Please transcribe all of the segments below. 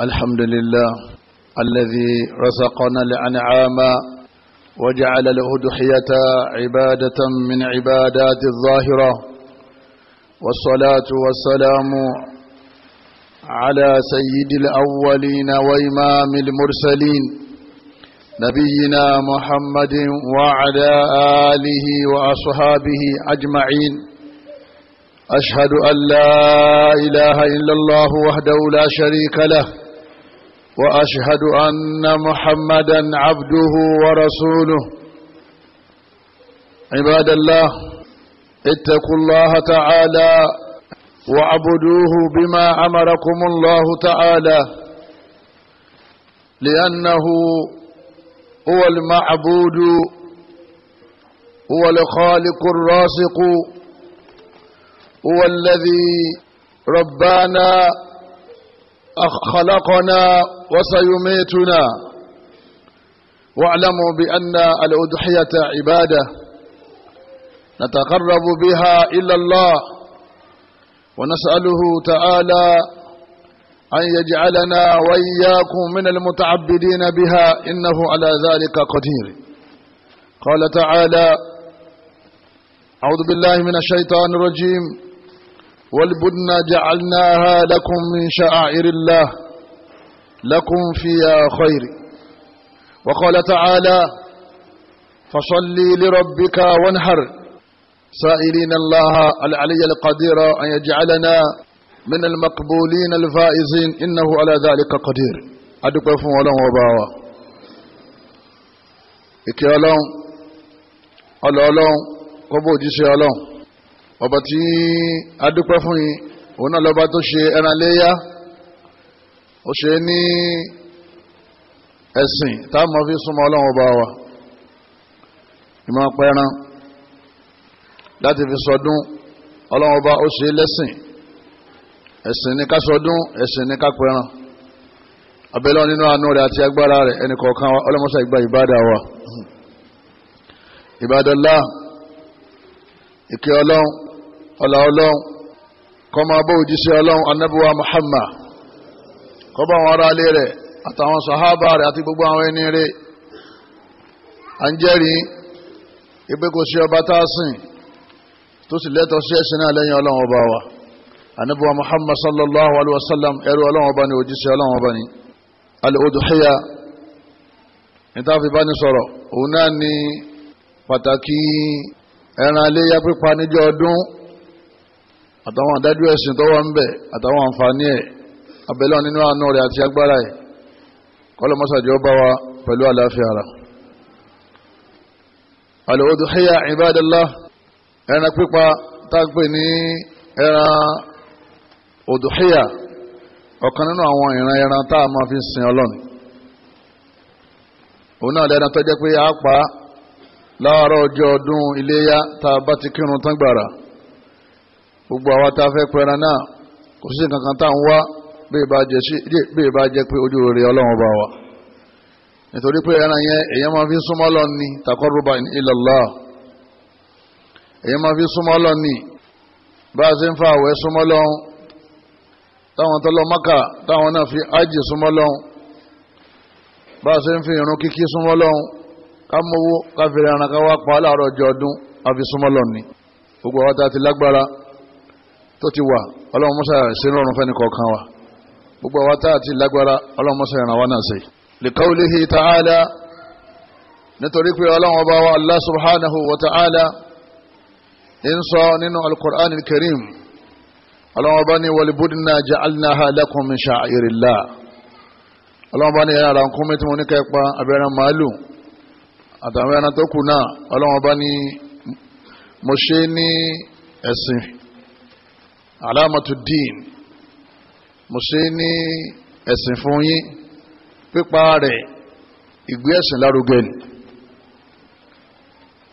الحمد لله الذي رزقنا الأنعام وجعل دحيه عبادة من عبادات الظاهرة والصلاة والسلام على سيد الأولين وإمام المرسلين نبينا محمد وعلى آله وأصحابه أجمعين أشهد أن لا إله إلا الله وحده لا شريك له واشهد ان محمدا عبده ورسوله عباد الله اتقوا الله تعالى واعبدوه بما امركم الله تعالى لانه هو المعبود هو الخالق الراسق هو الذي ربانا خلقنا وسيميتنا واعلموا بأن الأضحية عبادة نتقرب بها إلى الله ونسأله تعالى أن يجعلنا وإياكم من المتعبدين بها إنه على ذلك قدير قال تعالى أعوذ بالله من الشيطان الرجيم والبدن جعلناها لكم من شعائر الله لكم فيها خير وقال تعالى فصلي لربك وانهر سائلين الله العلي القدير أن يجعلنا من المقبولين الفائزين إنه على ذلك قدير أدقوا فهم ولهم وباوا إكي ألون ألون قبو جيسي ألون ọba tí a dúpẹ́ fún yín òun náà lọ́ba tó ṣe ẹran léyà ó ṣe ní ẹ̀sìn táwọn fi súnmọ́ ọlọ́run ọba wa ìmọ̀ pẹran láti fi sọdún ọlọ́run ọba ó ṣe lẹ́sìn ẹ̀sìn ní ká sọdún ẹ̀sìn ní ká pẹran abẹ́lẹ́ nínú àánú rẹ̀ àti agbára rẹ̀ ẹnì kọ̀ọ̀kan wa ìgbà ìbádà wa ìbádọ́lá ìkẹ́ ọlọ́run ọ̀là ọlọ́run kó máa bá òjíṣẹ́ ọlọ́run anábíwá Muhammad kó bá àwọn ará ilé rẹ̀ àtàwọn sàhábà rẹ̀ àti gbogbo àwọn ẹni rẹ̀ à ń jẹ́rìí ìpè kò sí ọba tá a sìn tó sì lẹ́tọ̀ọ́ sí ẹ̀sìn náà lẹ́yìn ọlọ́run ọba wa anábíwá Muhammad sallallahu alayhi wa sallam ọlọ́run ọba ni òjíṣẹ́ ọlọ́run ọba ni al-udhiyya nítàfi ní sọ̀rọ̀ òun náà ni pàtàkì ẹran iléyà pípa níjọ́ ọdún àtàwọn àdájọ́ ẹ̀sìn tó wà ń bẹ̀ àtàwọn àǹfààní ẹ̀ abẹ́lẹ́ nínú àánú rẹ̀ àti agbára ẹ̀ kọ́lọ́mọ́sàdì ọba wa pẹ̀lú àlàáfíà ara al-udhiyya ibadallah ẹran pípa tágbé ní ẹran ọ̀kan nínú àwọn ìran ẹran tá a máa fi sin Ọlọ́run òun náà lẹ́ran tó jẹ́ pé a pa láàárọ̀ ọjọ́ ọdún gbogbo àwa tá a fẹ́ pẹran náà kò sí nǹkan kan tá à ń wá bí ìbá jẹ́ pé ojú rere ọlọ́run bá wa nítorí pé ẹran yẹn èèyàn máa fi súnmọ́ lọ ní takọ́rùbà ìlọ́lá èèyàn máa fi súnmọ́ lọ ní bá a ṣe ń fa àwẹ̀ súnmọ́ lọ́hún táwọn tó lọ táwọn náà fi ájì súnmọ́ lọ́hún bá a ṣe ń fi irun kíkí súnmọ́ lọ́hún ká mọ́wó ká fi ẹran ká wá pa á láàárọ̀ ọjọ́ ọdún a fi súnmọ́ lọ ní gbogbo àwọn tá a ti lágbára tó ti wà ọlọ́run mọ́sá ṣe rọrùn fẹ́ni kọ̀ọ̀kan wa gbogbo àwa tá àti lágbára ọlọ́run mọ́sá ìrànwá náà ṣe. li qawlihi ta'ala nítorí pé ọlọ́run ọba wa allah subhanahu wa ta'ala ń sọ nínú alukur'an karim ọlọ́run ọba ní wal budna ja'alnaha lakum min sha'irillah ọlọ́run ọba ní ẹ̀rọ àràǹkúnmí tí mo ní kẹ́ẹ̀pá abẹ́rẹ́ màálù àtàwọn ẹran tó kù náà ọlọ́run ọba ní mo ṣe ní ẹ̀sìn alamatu din mo ṣe ní ẹ̀sìn fún yí pípa rẹ̀ ìgbé ẹ̀sìn lárugẹ ni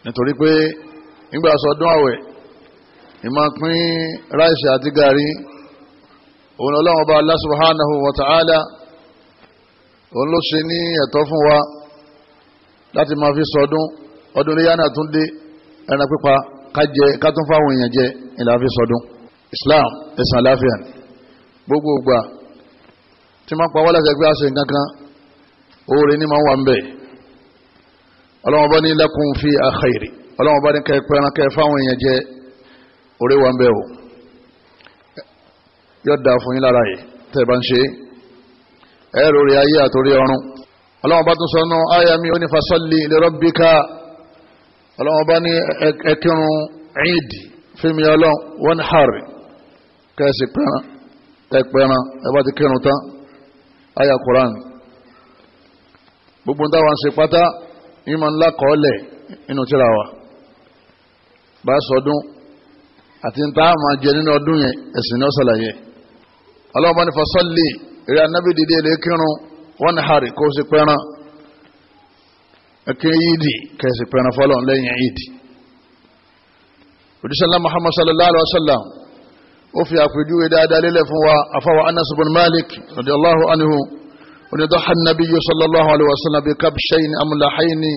nítorí pé nígbà sọdún àwẹ̀ ìmọ̀ pín ráìsì àti òun ọba Allah subhanahu òun ló ṣe ní ẹ̀tọ́ fún wa láti ma fi sọdún ọdún iléyà tún dé ẹran pípa Islam ẹ̀sìn àláfíà ni gbogbo ìgbà tí máa pa wọ́n láti ẹgbẹ́ aṣọ ìkankan oore ní máa wà ń bẹ̀ ọlọ́wọ́n bá ní lakum fi àkàìrì ọlọ́wọ́n bá ní kẹ́ẹ̀pẹ́ ẹran kẹ́ẹ̀ fáwọn èèyàn jẹ oore wà ń bẹ̀ o yóò dáa fún yín lára yìí tẹ́ ẹ bá ń ṣe é ẹ̀rọ ayé àtòrí ọ̀run ọlọ́wọ́n tún sọ nù àyà mi oní fasalli li rabbika ọlọ́wọ́n ẹ̀ẹ́dì fíìmù ọlọ́wọ́n wọn hàrì kẹ́sì pẹ́ran ẹ̀pẹ̀ran ẹ̀bá ti kírun tán àyà koran gbogbo táwa ń ṣe pátá ìmọ̀ ńlá kọ́ọ̀lẹ̀ nínú tíra wa bá sọdún àti ń tá a máa jẹ nínú ọdún yẹn ẹ̀sìn ní ọ̀sàlàyé ọlọ́run bá ní fasọ́lì eré anábì dìde ilé kírun wọ́n hàrí kó sì pẹ́ran ẹ̀kẹ́ yídì kẹ́sì pẹ́ran fọlọ́n lẹ́yìn yídì òjíṣẹ́ muhammad sallallahu alaihi wa sallam ó fi àpèjúwe dáadáa lélẹ̀ fún wa afáwa anas bin malik radiyallahu anhu onídọ́ha nabiyyu sallallahu alayhi wa sallam bi kabshayn amlahayni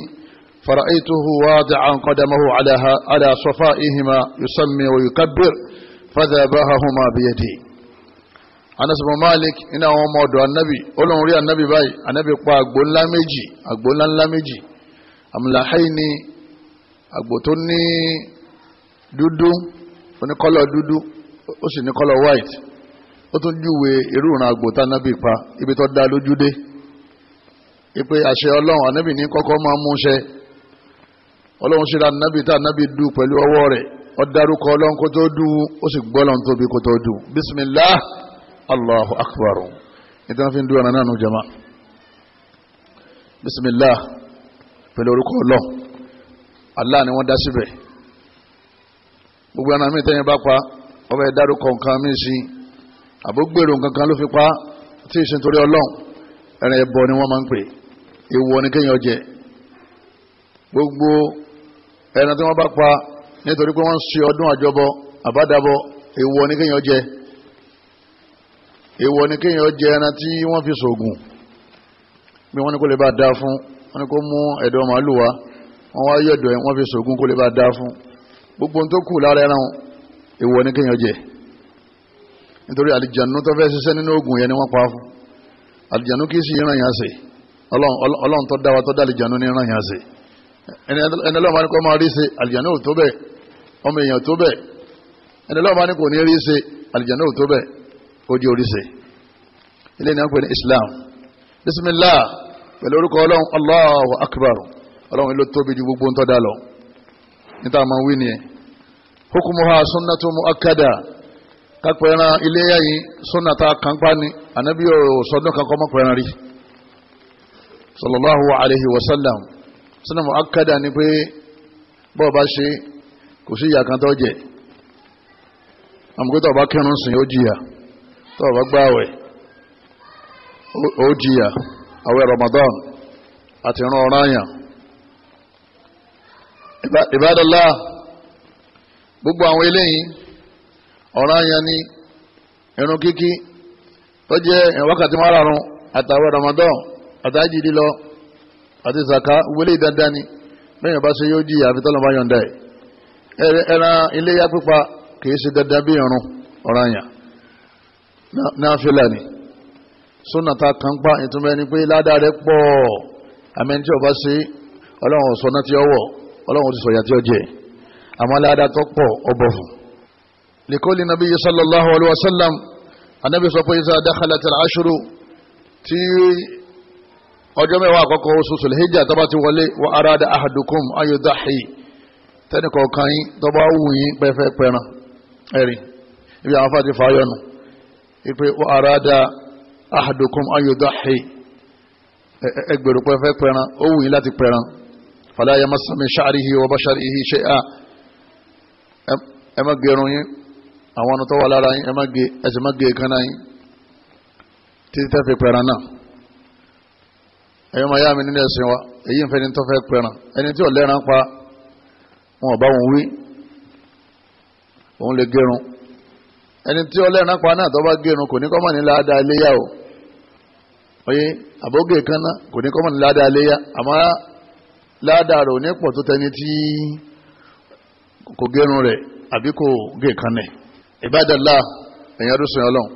فرأيته واضعا قدمه على على صفائهما يسمي ويكبر فذبحهما بيده Anas bin Malik iná àwọn ọmọ ọ̀dọ̀ anabi olóhùn rí anabi báyìí anabi pa àgbò ńlá méjì àgbò ńlá ńlá méjì amúláhàì ni tó ní dúdú oníkọ́lọ̀ dúdú ó sì ní kọ́lọ̀ white ó tún júwe irúran àgbòtá nábì pa ibi tó dá lójú dé ipe àṣẹ ọlọ́run ànábì ní kọ́kọ́ máa mú ṣẹ ọlọ́run ṣe ra nábì tá nábì dù pẹ̀lú ọwọ́ rẹ̀ ó dárúkọ ọlọ́run kó tó dù ó sì gbọ́ ọlọ́run tóbi kó tó dù bismillah allahu akbar nítorí fi ń dúró náà nù jama bismillah pẹ̀lú orúkọ ọlọ́run allah ni wọ́n dá síbẹ̀ gbogbo ẹran mi tẹ́yìn bá pa ọmọ ẹ̀ dárúkọ nǹkan mí sí àbúgbèrò nǹkan kan ló fi pa tí ìṣe nítorí ọlọ́run ẹran ẹbọ ni wọ́n máa ń pè èèwọ̀ ni kéèyàn jẹ gbogbo ẹran tí wọ́n bá pa nítorí pé wọ́n ń ṣe ọdún àjọbọ àbádàbọ èèwọ̀ ni kéèyàn jẹ èèwọ̀ ni kéèyàn jẹ ẹran tí wọ́n fi ṣògùn bí wọ́n ní kó lè bá dáa fún wọ́n ní kó mú ẹ̀dọ̀ màálù wá wọ́n wá yẹ̀dọ̀ ẹ̀ wọ́n fi ṣògùn kó lè bá dáa fún gbogbo ohun tó kù lára ẹran wọn ìwọ ní kéèyàn jẹ nítorí àlìjànú tó fẹ́ ṣiṣẹ́ nínú oògùn yẹn ni wọ́n pa fún àlìjànú kì í sì ràn yàn sí ọlọ́run tó dá wa tó dá àlìjànú ní ràn yàn sí ẹni ọlọ́run bá ní kó máa rí ṣe àlìjànú ò tó bẹ́ẹ̀ ọmọ èèyàn tó bẹ́ẹ̀ ẹni ọlọ́run bá ní kò ní rí ṣe àlìjànú ò tó bẹ́ẹ̀ ó di orí ilé ní wọ́n pè ní Islam bismillah pẹ̀lú orúkọ ọlọ́run Allahu Akbar ọlọ́run ló tóbi ju gbogbo ń tọ́ dá lọ níta máa wí nìyẹn hukumuha sunnatu mu'akkada kápẹ́ran iléyà yìí sunnata kanpa ni ànábì ò sọdún kankan mọ́pẹ́ran rí sallallahu alayhi wa sallam sunna mu'akkada ni pé bọ́ọ̀ bá ṣe kò sí ìyá kan tó jẹ àmọ́ tó O kírun sìn ó jìyà tó bá gbààwẹ̀ ó jìyà àwẹ̀ Ramadan àti ìran gbogbo àwọn eléyìí ọ̀ranyàn ni irun kíkí tó jẹ́ ìrìn wákàtí márùn-ún àtàwọn Ramadan àtàjì lílọ àti sàká wọlé dandan ni lẹ́yìn bá ṣe yóò jí àfi tọ́lọ́ bá yọ̀ǹda ẹ̀ ẹran iléyà pípa kìí ṣe dandan bí irun ọ̀ranyàn náfìlà ni súnà ta pa ìtumọ̀ ẹni pé ládàá rẹ pọ̀ àmì tí ọba ṣe ọlọ́run ọ̀sán náà ọwọ́ ọlọ́run ti sọ̀yà tí ọ àmọ́ ládàá tó pọ̀ ọbọ̀ fún. likoli nabi sallallahu alayhi wa sallam anabi sọ pé isa dakhala tẹ̀lé aṣọ́rò tí ọjọ́ mẹ́wàá àkọ́kọ́ oṣù sùlẹ̀híjà tó bá ti wọlé wa arada ahadukum ayudahi tẹ́nìkọ̀ọ̀kan yín tó bá wù yín pẹ́fẹ́ pẹ́ràn ẹ̀rìn ibi àwọn afáàtì fàáyọ̀nù ipe wa arada ahadukum ayudahi ẹgbẹ̀rún pẹ́fẹ́ pẹ́ràn ó wù yín láti pẹ́ràn fala yamassu min sha'rihi wa basharihi shay'a ẹ má gé irun yín àwọn ọ̀nà tó wà lára yín ẹ má gé ẹ sì má gé èékánná yín títí tẹ́ fi pẹ̀ràn náà ẹ̀yọ́ máa yá mi nínú ẹ̀sìn wa èyí ń fẹ́ ni tó fẹ́ pẹ̀ràn ẹni tí ò lẹ́ran pa wọn ò bá wọn wí òun lè gérun ẹni tí ó lẹ́ran pa náà tó bá gérun kò ní kọ́ mọ̀ ní láàdá iléyà o oye àbógè kan kò ní kọ́ mọ̀ ní láàdá iléyà àmọ́ láàdá rẹ̀ ní pọ̀ tó tẹni tí kò gérun rẹ̀ àbí kò gé kanẹ̀ ìbádàlá èèyàn rúṣin ọlọ́run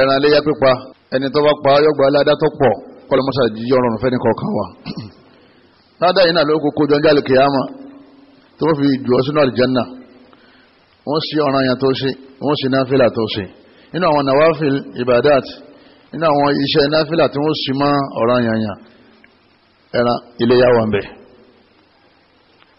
ẹran iléyà pípa ẹni tó bá pa yọgbà aládá tó pọ̀ kọlọmọsà jíjọ ọrọ̀rùn fẹ́ni kọ̀ọ̀kan wa ládà yìí náà ló kó kójọ ọjọ́ àlùkìyàmà tó fi jù ọ sínú àlùjánnà wọ́n sí ọ̀ràn yẹn tó ṣe wọ́n sì náfìlà tó ṣe nínú àwọn nàwáfìl ìbàdàt nínú àwọn iṣẹ́ náfìlà tí wọ́n sì mọ́ ọ̀ràn yẹn yẹn ẹran iléyà ń bẹ̀ẹ́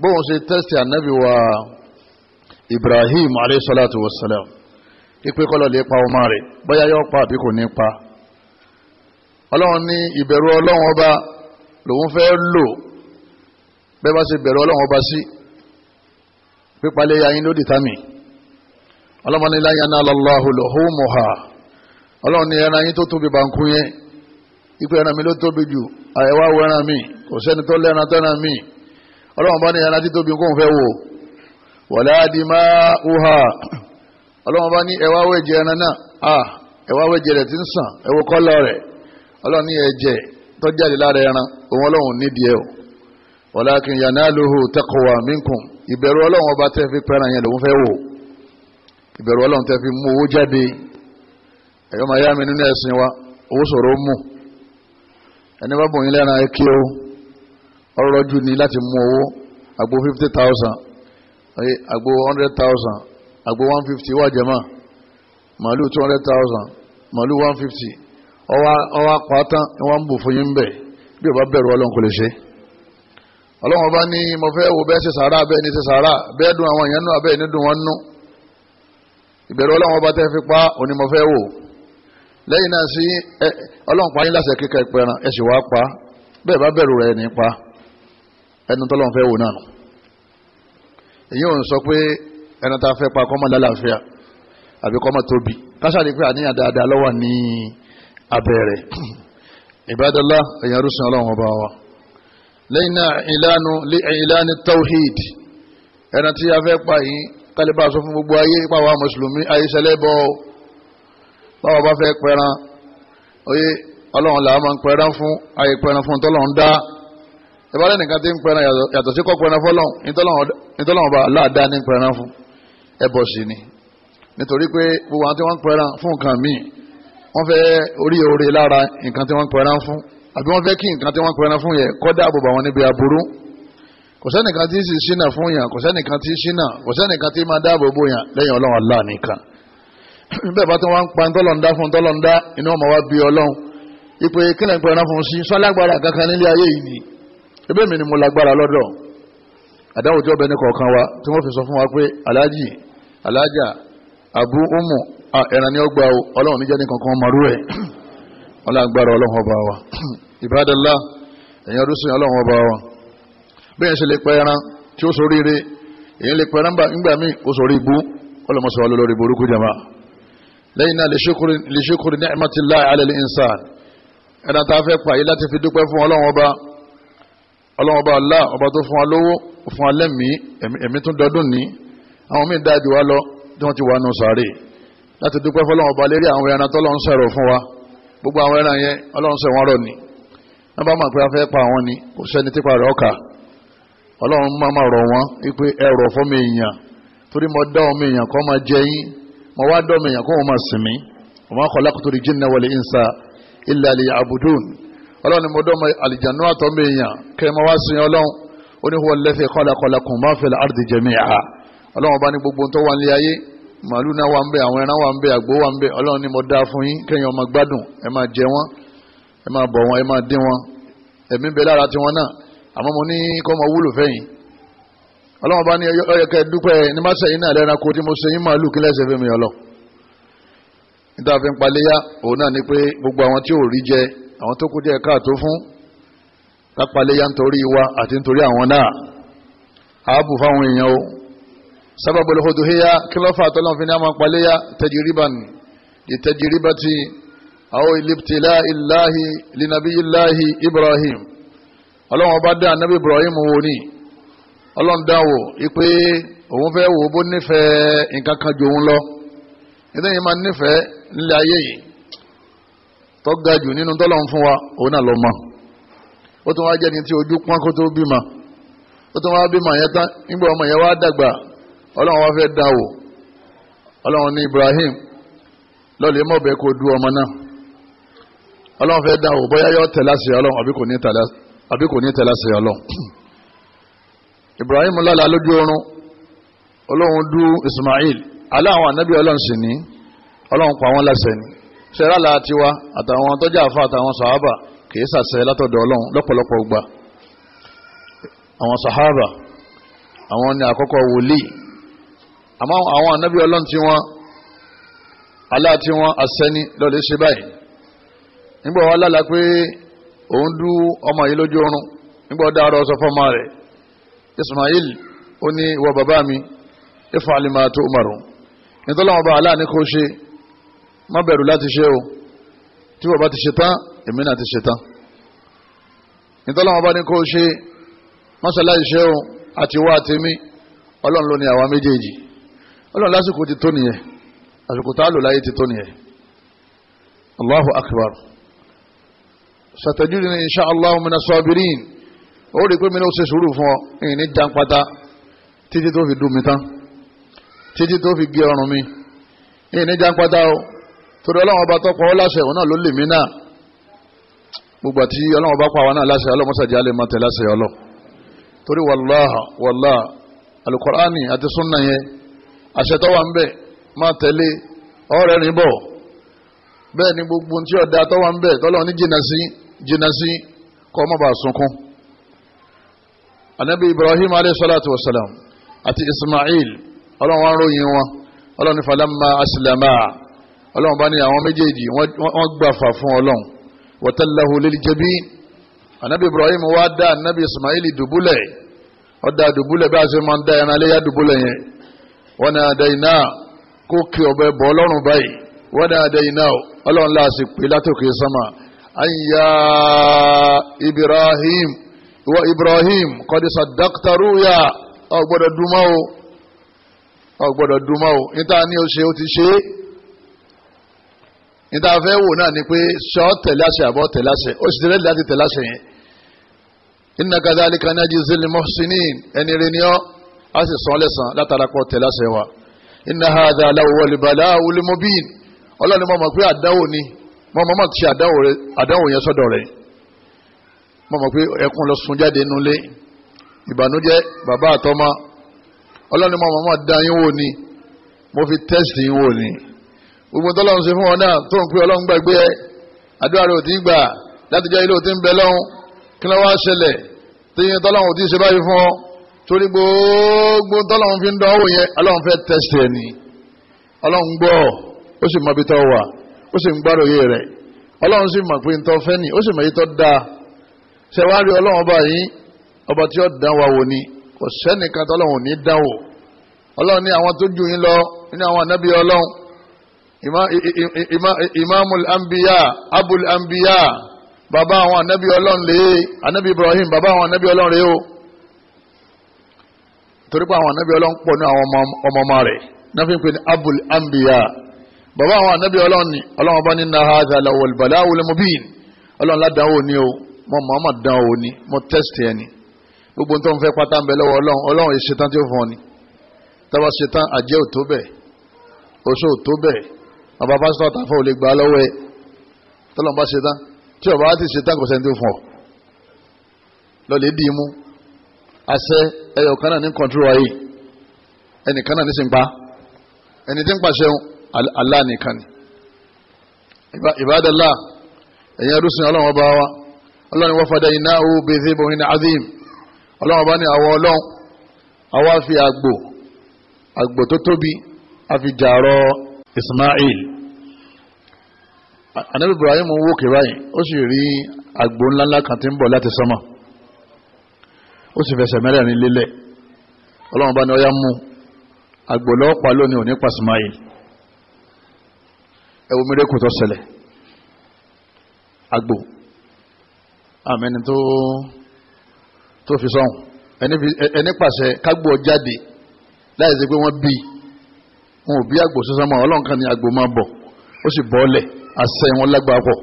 bóun ṣe tẹ́sítì ànábì wa Ibrahim alayhi salatu wa salam ipe kọlọ lè pa ọmọ rẹ̀ bóyá yóò pa àbí kò ní pa ọlọ́run ní ìbẹ̀rù ọlọ́run ọba lòun fẹ́ lò bẹ́ẹ̀ ṣe bẹ̀rù ọlọ́run ọba sí pípalẹ̀ yayin ló dìtámì ọlọ́run ní la yanalallahu luhumuha ọlọ́run ní ẹran yín tó tóbi bàǹkú yẹn ipe ẹran mi ló tóbi mi kò sẹ́ni tó lẹ́ran ọlọ́run bá ní ẹran tí tóbi kóun fẹ́ wò di máa hùhà ọlọ́run bá ní ẹwà na ẹran náà ẹwà wẹ̀jẹ̀ rẹ̀ ti ń sàn ẹwọ kọ́lọ̀ rẹ̀ ọlọ́run ní ẹ̀jẹ̀ tó jáde lára ẹran òun ọlọ́run nídìí o yànnà ìbẹ̀rù ọlọ́run tẹ́ fi pẹ́ran yẹn wò ìbẹ̀rù ọlọ́run tẹ́ fi mú owó jáde ẹ̀yọ́ máa yá mi nínú ẹ̀sìn wa owó ọ̀rọ̀ jù ní láti mú owó àgbo fifty thousand àgbo hundred thousand àgbo one fifty wà jẹ́mà màálù two hundred thousand màálù one fifty ọwọ́ ni wọ́n ń bù fún yín bí o bá bẹ̀rù ọlọ́run kò lè ṣe. ọlọ́run ọba ní mo fẹ́ wo bẹ́ẹ̀ ṣe sàárà bẹ́ẹ̀ ṣe sàárà bẹ́ẹ̀ dùn àwọn nù dùn nù ìbẹ̀rù ọlọ́run ọba tẹ́ fi pa òní mo fẹ́ wò lẹ́yìn náà sí ọlọ́run pa yín pa bẹ́ẹ̀ ẹni tọ́lọ́ fẹ́ wò náà nù èyí ò ń sọ pé ẹni tá a fẹ́ pa kọ́mọ lálàáfíà àbí kọ́mọ tóbi káṣáàdì pé àníyàn dáadáa lọ́wọ́ ní abẹ́rẹ́ ìbádọ́lá èyàn rúṣin ọlọ́run ọba wa lẹ́yìn náà ìlànà ìlànà tawhid ẹni tí a fẹ́ pa yìí kálíbà sọ fún gbogbo ayé ipa wa mùsùlùmí ayé sẹlẹ́bọ báwa bá fẹ́ pẹran oyè ọlọ́run làá máa ń pẹran fún ayé pẹran fún tọ́lọ́run dá ìbára nìkan ti ń pẹran yàtọ̀ sí kọ́ pẹran fọlọ́n nítọ́lọ́wọ́n bá aláàdá ní pẹran fún ẹbọ sí ni nítorí pé gbogbo àwọn tí wọ́n ń pẹran fún nǹkan míì wọ́n fẹ́ orí oore lára nǹkan tí wọ́n ń pẹran fún àbí wọ́n fẹ́ kí nǹkan tí wọ́n ń pẹran fún yẹ kó dáàbò bá wọn níbi aburú kò sẹ́nìkan tí sì ṣínà fún yàn kò sẹ́nìkan tí ṣínà kò sẹ́nìkan tí máa dáàbò bò yàn lẹ́yìn ọlọ́run Allah nìkan bẹ́ẹ̀ bá tí wọ́n ń pa ntọ́lọ́ndá fún ntọ́lọ́ndá inú ọmọ wa bí ọlọ́run ìpè kílẹ̀ ń pẹran fún sí sọ́lágbára kankan nílé ayé yìí nìyí ebe mi ni mo lágbára lọ́dọ̀ àdáwò tí ọbẹ̀ ní kọ̀ọ̀kan wa tí wọ́n fi sọ fún wa pé aláàjì aláàjà àbú umu ẹ̀ràn ní ọgbà ọlọ́run níjẹ́ ní kankan ọmọ rúwẹ̀ ọlágbára ọlọ́run ọba wa ìbádọ́lá ẹ̀yìn ọdún sí ọlọ́run ọba wa bí yẹn ṣe lè pẹ́ ẹran tí ó sorí ire èyí lè pẹ́ ẹran nígbà míì ó sorí ibú ọlọ́mọṣọ ọlọ́run ọba Allah ọba tó fún wa lówó fún wa lẹ́mìí ẹ̀mí tún dọdún ní àwọn míì dájú wa lọ tí wọ́n ti wà nù sàárè láti dúpẹ́ fọlọ́run ọba lérí àwọn ẹran tó lọ́n sẹ̀rọ̀ fún wa gbogbo àwọn ẹran yẹn ọlọ́run sẹ̀ wọ́n rọ̀ ni wọ́n bá mọ̀ pé a pa àwọn ni kò sẹ́ni tí pa ọkà ọlọ́run má má rọ̀ wọ́n wípé ẹrọ̀ fọ́mi èèyàn torí mo dá ọmọ èèyàn kó ọlọ́run ni mo dọ́ mọ àlìjánu àtọ́ mi yàn kẹ́ ẹ ma wá ọlọ́run ó ní huwa allathi khalaqalakum ma fil ardi jami'a ọlọ́run ọba ní gbogbo tó wà ní ayé màálù náà wà ń bẹ àwọn ẹran wà ń bẹ àgbò wà ń bẹ ọlọ́run ni mo dá fún yín kẹ́yìn ọmọ gbádùn ẹ máa jẹ wọn ẹ máa bọ̀ wọn ẹ máa dín wọn ẹ̀mí bẹ lára tiwọn náà àmọ́ mo ní kọ́ mọ wúlò fẹ́yìn ọlọ́run ọba ní ọyọ dúpẹ́ ní má sẹ́yìn náà lẹ́ran kó tí mo ṣe màálù kí lẹ́sẹ̀ fẹ́ mi ọlọ́ níta fi ń paléyà òun náà ni pé gbogbo àwọn tí ò rí jẹ àwọn tó kù díẹ̀ káàtó fún kápáléyà nítorí wa àti nítorí àwọn náà ààbò fáwọn èèyàn o sábàbọ̀ lọ́fọ̀dọ̀ híyá kí ló tọ́lọ́n fi ní àmọ́ paléyà tajiriban di tajiribati àwọn ilibtila ilahi linabi Ibrahim ọlọ́run Ibrahim tó ga jù nínú tọ́lọ́run fún wa òun náà lọ́mọ ó tún wá jẹ́ni tí ojú pọ́n kó tó bímọ ó tún wá bímọ yẹn tán nígbà ọmọ yẹn wá dàgbà ọlọ́run wá fẹ́ dán wò ọlọ́run ní Ibrahim lọ́ọ̀lẹ́ mọ̀bẹ kó du ọmọ náà ọlọ́run fẹ́ dán wò bóyá yọ tẹ̀lá sí ọlọ́run àbí kò ní tẹ̀lá sí ọlọ́run Ibrahim lálàá lójú oorun ọlọ́run du Ismail aláwọn ànábì ọlọ́run sì ní ọlọ́run pa wọn láṣẹ ni. sẹ́rà là tiwa àtàwọn tọ́jà àfa àtàwọn sàhábà kìí sàṣẹ látọ̀dọ̀ ọlọ́run lọ́pọ̀lọpọ̀ gbà àwọn sàhábà àwọn ni àkọ́kọ́ wòlíì àmọ́ àwọn ànábì ọlọ́run tí wọ́n aláàtí wọn àṣẹni lọ́lẹ̀ ṣe báyìí nígbà wọn lálá pé òun dú ọmọ yìí lójú oorun nígbà wọn dáadọ́ sọ fọ́mọ rẹ̀ Ismail ó ní ìwọ bàbá mi ifalima tó umaru nítorí wọn bá aláàní kò ṣe má bẹ̀rù láti ṣe o tí bàbá ti ṣe tán èmi náà ti ṣe tán nítorí àwọn bá ní kó ṣe mọ́ṣáláì ṣe o àti wá àtẹ̀mí ọlọ́run ló ní àwa méjèèjì ọlọ́run lásìkò ti tó nìyẹn àsìkò tá a lò láyé ti tó nìyẹn allahu akbar satajudini insha allah mina sabirin ó rí i pé mi ní o ṣe sùúrù fún ọ ìyìn ní jàǹpátá títí tó fi dùn mí tán títí tó fi gé ọrùn mi ìyìn ní jàǹpátá o torí ọlọ́run ọba tọ́pọ̀ ọ láṣẹ òun náà ló lè mí náà gbogbo àti ọlọ́run ọba pa àwa náà láṣẹ ọlọ́mọṣàjì alẹ́ máa tẹ̀ láṣẹ ọlọ́ torí wàláhà wàlá alukur'ani àti sunna yẹn àṣẹ tó wà ń bẹ máa tẹ̀lé ọ̀rẹ́ rìn bọ̀ bẹ́ẹ̀ ni gbogbo tí ọ̀dà tó wà ń bẹ tọ́lọ́run ní jìnnà sí jìnnà sí kọ́ ọmọ sunkún anabi ibrahim alayhi salatu wa àti ọlọ́run bá ní àwọn méjèèjì wọ́n gbàfà fún ọlọ́run wọ́tẹ́lẹ́hu lil jabin anabi ibrahim wá dá anabi ismaili dùbúlẹ̀ ó dá dùbúlẹ̀ bí a ṣe máa ń dá ẹran aléyá dùbúlẹ̀ yẹn wọ́n ní adé iná kó kí ọbẹ̀ bọ́ ọlọ́run báyìí wọ́n ní adé iná ọlọ́run láàṣì pé látòkè sánmà ayya ibrahim ìwọ ibrahim kọ́dí sadaktaru ya ọgbọ́dọ̀ dúmọ́ o ọgbọ́dọ̀ dúmọ́ o níta ni ó ṣe ó ti ṣe é níta fẹ́ wò náà ni pé sọ tẹ̀láṣẹ àbọ̀ tẹ̀láṣẹ ó sì tẹ̀lé láti tẹ̀láṣẹ yẹn inna kadhalika najzil muhsinin ẹni rẹ ni ọ́ a sì sọ lẹ́sàn látara kọ́ tẹ̀láṣẹ wa inna hadha lahuwal bala'ul mubin ọlọ́ni mọ̀ mọ̀ pé àdáwò ni mọ̀ mọ̀ mọ̀ ti àdáwò yẹn sọ́dọ̀ rẹ̀ mọ̀ mọ̀ pé ẹkún lọ sun jáde nulẹ̀ ìbànújẹ́ bàbá àtọ́mọ ọlọ́ni mọ̀ mọ̀ mọ̀ dá yín wò ni mo fi tẹ́sì yín wò ni gbogbo tọ́lọ́run ṣe fún ọ náà tó ń pè ọlọ́run gbàgbé ẹ àdúrà rẹ ò tí gbà láti jẹ́ ilé ò tí ń bẹ lọ́hún kí ló wá ṣẹlẹ̀ tí yẹn tọ́lọ́run ò tí ṣe báyìí fún ọ torí gbogbo tọ́lọ́run fi ń dán owó yẹn ọlọ́run fẹ́ tẹ̀sítì ẹ̀ ní ọlọ́run gbọ́ ó sì mọ ibi wà ó sì ń gbáròyé rẹ̀ ọlọ́run sì mọ̀ pé ntọ́ fẹ́ ni ó sì mọ̀ yìí tó dáa imamul anbiya abul anbiya bàbá àwọn anabi ọlọ́run lèye anabi ibrahim bàbá àwọn anabi ọlọ́run lèye o torí pé àwọn anabi ọlọ́run pọ̀ ní àwọn ọmọ ọmọ rẹ̀ náà fi ń pè ní abul anbiya bàbá àwọn anabi ọlọ́run ni ọlọ́run bá ní nahadha lawal balawul mubin ọlọ́run ládàáwò ni o mo muhammad dánwò ni mo test ẹ ni gbogbo tó fẹ́ pátá ń bẹ lọ́wọ́ ọlọ́run ọlọ́run ìṣetán tí ó fún ni tábà ṣetán àjẹ́ òtó bẹ́ẹ̀ oṣó òtó bẹ́ẹ̀ bàbá pásítọ̀ àtàfọ́ ò lè gbà lọ́wọ́ ẹ tọ́lọ́n bá ṣe tán tí ọba ti ṣe tán kò sẹ́ni tó fún ọ lọ́lẹ̀ dì í mú àṣẹ ẹyọ kan náà ní kọ̀ǹtúrò ayé ẹnìkan náà ní sì ń pa ẹni tí ń pàṣẹ Allah nìkan ni ìbádàlá ẹ̀yìn ẹrúsìn ọlọ́run ọba wa ọlọ́run wọ́n fọdẹ iná ó bèèrè bòrin ní azim ọlọ́run ọba ní àwọ ọlọ́run àwa fi àgbò àgbò tó tóbi a fi jàrọ Ismail anabi ibrahim ń wókè báyìí ó sì rí àgbò ńláńlá kan tí ń bọ̀ láti sánmà ó sì fẹsẹ̀ mẹ́rẹ̀ẹ̀rin lélẹ̀ ọlọ́run bá ní ọyá mú àgbò lọ́ọ̀pá lónìí òní pa Ismail ẹwọ mẹ́rẹ́kù tó ṣẹlẹ̀ àgbò àmẹ́ni tó fi sọ́hùn ẹni pàṣẹ kágbò jáde láì pé wọ́n bí wọn ò bí àgbò sísánmọ́ ọlọ́run kan ní àgbò máa bọ̀ ó sì bọ́ ọ́lẹ̀ àṣẹ wọn lágbára pọ̀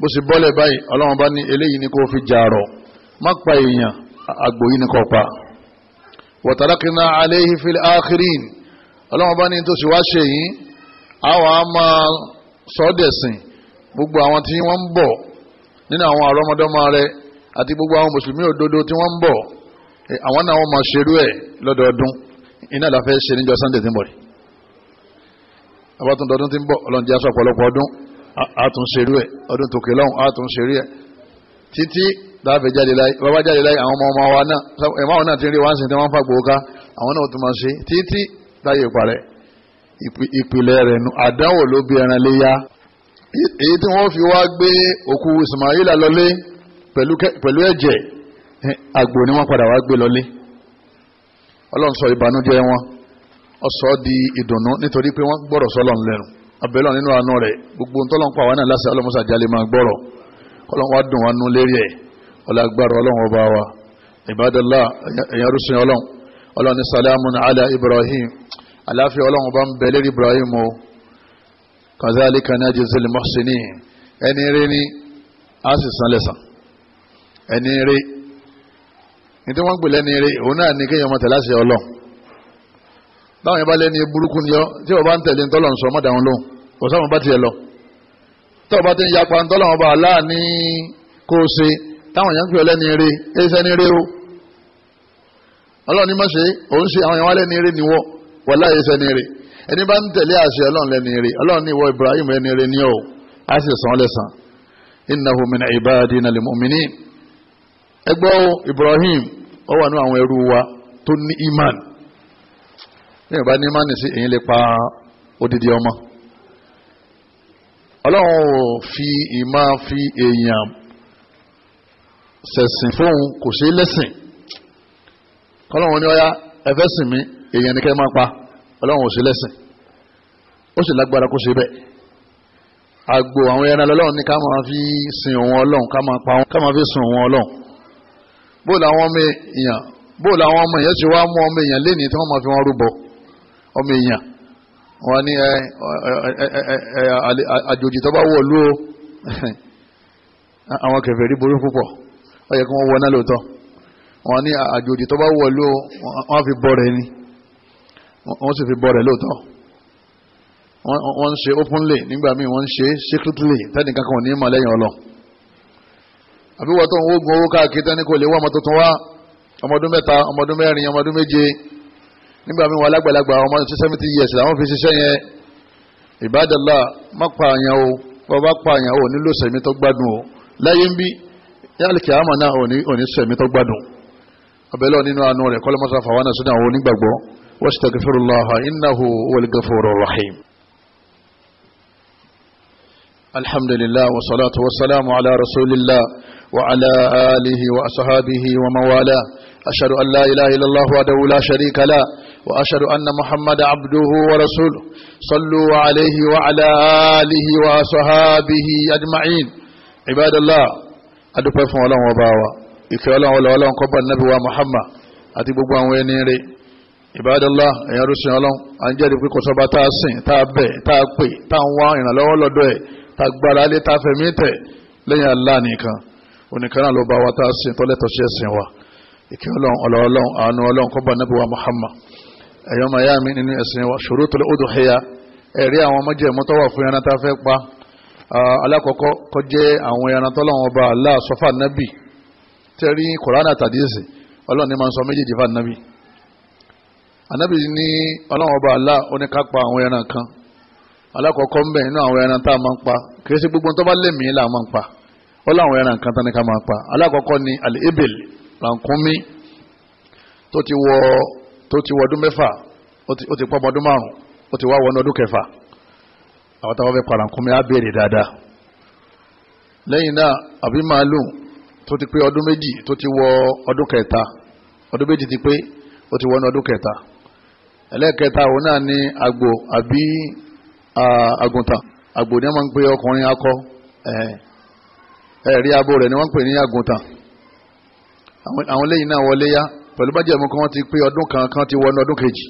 bó sì bọ́lẹ̀ báyìí bá ní eléyìí ní kó fi jàrọ̀ má pa èèyàn àgbò yìí ní pa wa bá ní tó sì wá ṣe yìí àwọn a máa sọ́dẹ̀sìn gbogbo àwọn tí wọ́n ń bọ̀ nínú àwọn àrọ́mọdọ́mọ rẹ àti gbogbo àwọn mùsùlùmí òdodo tí wọ́n abatun dọdún tí ń bọ̀ ọlọ́run jẹ́ aṣọ ọ̀pọ̀lọpọ̀ ọdún àtúnṣerú ẹ̀ ọdún tòkè lọ́hùn àtúnṣerú ẹ̀ títí dáàbẹ̀ jáde láyé bàbá jáde láyé àwọn ọmọ ọmọ wa náà ẹ̀mọ́ àwọn náà ti rí wá sí tí wọ́n ń fàgbò ká àwọn náà tún máa ṣe títí táyé parẹ́ ìpìlẹ̀ rẹ̀ nu àdánwò ló bí ẹran léyà èyí tí wọ́n fi wá gbé òkú Ismaila lọlé pẹ̀lú ẹ̀jẹ̀ àgbò ni wọ́n padà wá gbé lọlé ọlọ́run sọ ìbànújẹ́ wọn ọsọ di ìdùnnú nítorí pé wọ́n gbọ́rọ̀ sọ́lọ̀ lẹ́nu abẹ́lọ́ nínú àánú rẹ̀ gbogbo ntọ́lọ́nkọ àwọn náà lásìkò ọlọ́mọsà jalè máa gbọ́rọ̀ kọ́lọ́nkọ́ dùn wọn nú lérí ẹ̀ ọlágbára ọlọ́run ọba wa ìbádọ́lá ẹ̀yàn rúṣin ọlọ́run ọlọ́run ní salamu ala ibrahim aláfíà ọlọ́run ọba ń bẹ lérí ibrahim o kazalika najzil muhsinin ẹni rí ni a sì san lẹ́san ẹni rí ní tí wọ́n gbè lẹ́ni rí òun náà ní kéèyàn mọ̀tẹ́lá sí ọlọ́run báwọn yẹn bá lẹ́ni burúkú ni ọ tí wọ́n bá ń tẹ̀lé ntọ́lọ̀ ń sọ mọ́dà wọn lóhùn kò sáwọn bá tiẹ̀ lọ. tó o bá ti ń yapa ntọ́lọ̀ wọn bá a láà kó o ṣe táwọn yẹn ń pè ọ́ lẹ́ni eré eré o. òun ṣe àwọn yẹn wá lẹ́ni eré ni wọ́ wọ́n eré ẹni bá ń tẹ̀lé àṣẹ lẹ́ni Ibrahim ni ní ìbá ní mánì sí èyí lè pa odidi ọmọ ọlọ́run ò fi ìmá fi èèyàn sẹ̀sìn fóun kò ṣe lẹ́sìn kọ́lọ́run ní ọyá ẹfẹ́ sìn mí èèyàn ní kẹ́ máa pa ọlọ́run ò ṣe lẹ́sìn ó sì lágbára kó ṣe bẹ́ẹ̀ àgbò àwọn ẹran lọ́lọ́run ní ká máa fi sin òun ọlọ́run ká máa pa wọn ká máa fi sin òun ọlọ́run bóòlù àwọn ọmọ èèyàn bóòlù àwọn ọmọ èèyàn ṣe wá mú ọmọ èèyàn lénìí tí wọ́n máa fi wọn rúbọ ọmọ èèyàn wọn ní ẹ ẹ àjòjì tó bá wọ̀ lú o àwọn kẹfẹ́ rí borí púpọ̀ ó yẹ kí wọ́n wọ náà lóòótọ́ wọn ní àjòjì tó bá wọ̀ lú wọ́n fi bọ́ ni wọ́n sì fi bọ́ lóòótọ́ wọ́n ń ṣe openly nígbà míì wọ́n ń ṣe secretly tẹ́nìkan kan ò ní mọ̀ lẹ́yìn ọlọ́ àbí wọ́n tó ń wógun owó káàkiri tẹ́ni kò lè wá ọmọ tuntun wá ọmọdún mẹ́ta ọmọdún mẹ́rin ọmọdún méje nígbà mi wà lágbàlagbà ọmọ tó seventy years làwọn fi ṣiṣẹ́ yẹn ìbádàlá má pa àyàn o bọ́ bá pa àyàn o nílò sẹ̀mí tó gbádùn o láyé ń bí yálìkì àmà náà ò ní sẹ̀mí tó gbádùn abẹ́lẹ́ nínú àánú rẹ̀ kọ́lọ́mọ́sá fàwọn náà sínú àwọn onígbàgbọ́ إنه هو الرحيم الحمد لله والصلاة والسلام على رسول الله وعلى آله وأصحابه ومن والاه أشهد أن لا إله إلا الله وحده لا شريك له وأشهد أن محمد عبده ورسوله صلوا عليه وعلى آله وصحابه أجمعين عباد الله أدوبي فون الله وباوا إكي الله ولا الله كبا النبي ومحمد أتي وينيري عباد الله يا رسول الله أنجري في كسبة تاسين تابي تاكوي تانوان إن الله ولا دوي تاكبالا لي تافميتي لين الله نيكا ونكنا لو باوا تاسين تولي تشيسين وا إكي الله ولا أنو الله كبا النبي ومحمد ẹ̀yọ́ maya mi nínú ẹ̀sìn wa ṣurutul udhiya ẹ̀rí àwọn májẹ̀mú tó wà fún ẹran tá a fẹ́ pa alákọ̀ọ́kọ́ kó jẹ́ àwọn ẹran tó lọ́wọ́ bá Allah sọ fún ànábì tẹ́rí Kùránì àtàdíyèsí ọlọ́run ní máa ń sọ méjèèjì fún ànábì ànábì ní ọlọ́wọ́ bá Allah ó ní ká pa àwọn ẹran kan alákọ̀ọ́kọ́ ń bẹ̀ nínú àwọn ẹran tá a máa ń pa kì í ṣe gbogbo tó tó ti wọ́dún mẹ́fà ó ti pọ́mọ ọdún márùn ó ti wá wọnú ọdún kẹfà àwọn táwọn fẹ́ parankumi á béèrè dáadáa lẹ́yìn náà àbí màálù tó ti pé ọdún méjì tó ti wọ ọdún kẹta ọdún méjì ti pé ó ti wọnú ọdún kẹta ẹlẹ́ẹ̀kẹta òun náà ni àgbò àbí àgùntàn àgbò ni wọ́n máa ń pè ọkùnrin akọ ẹ̀ẹ́rí abo rẹ̀ ni wọ́n ń pè ní àgùntàn àwọn lẹ́yìn náà wọlé yá pẹ̀lú bájẹ̀mú kan ti pé ọdún kan kan ti wọnú ọdún kejì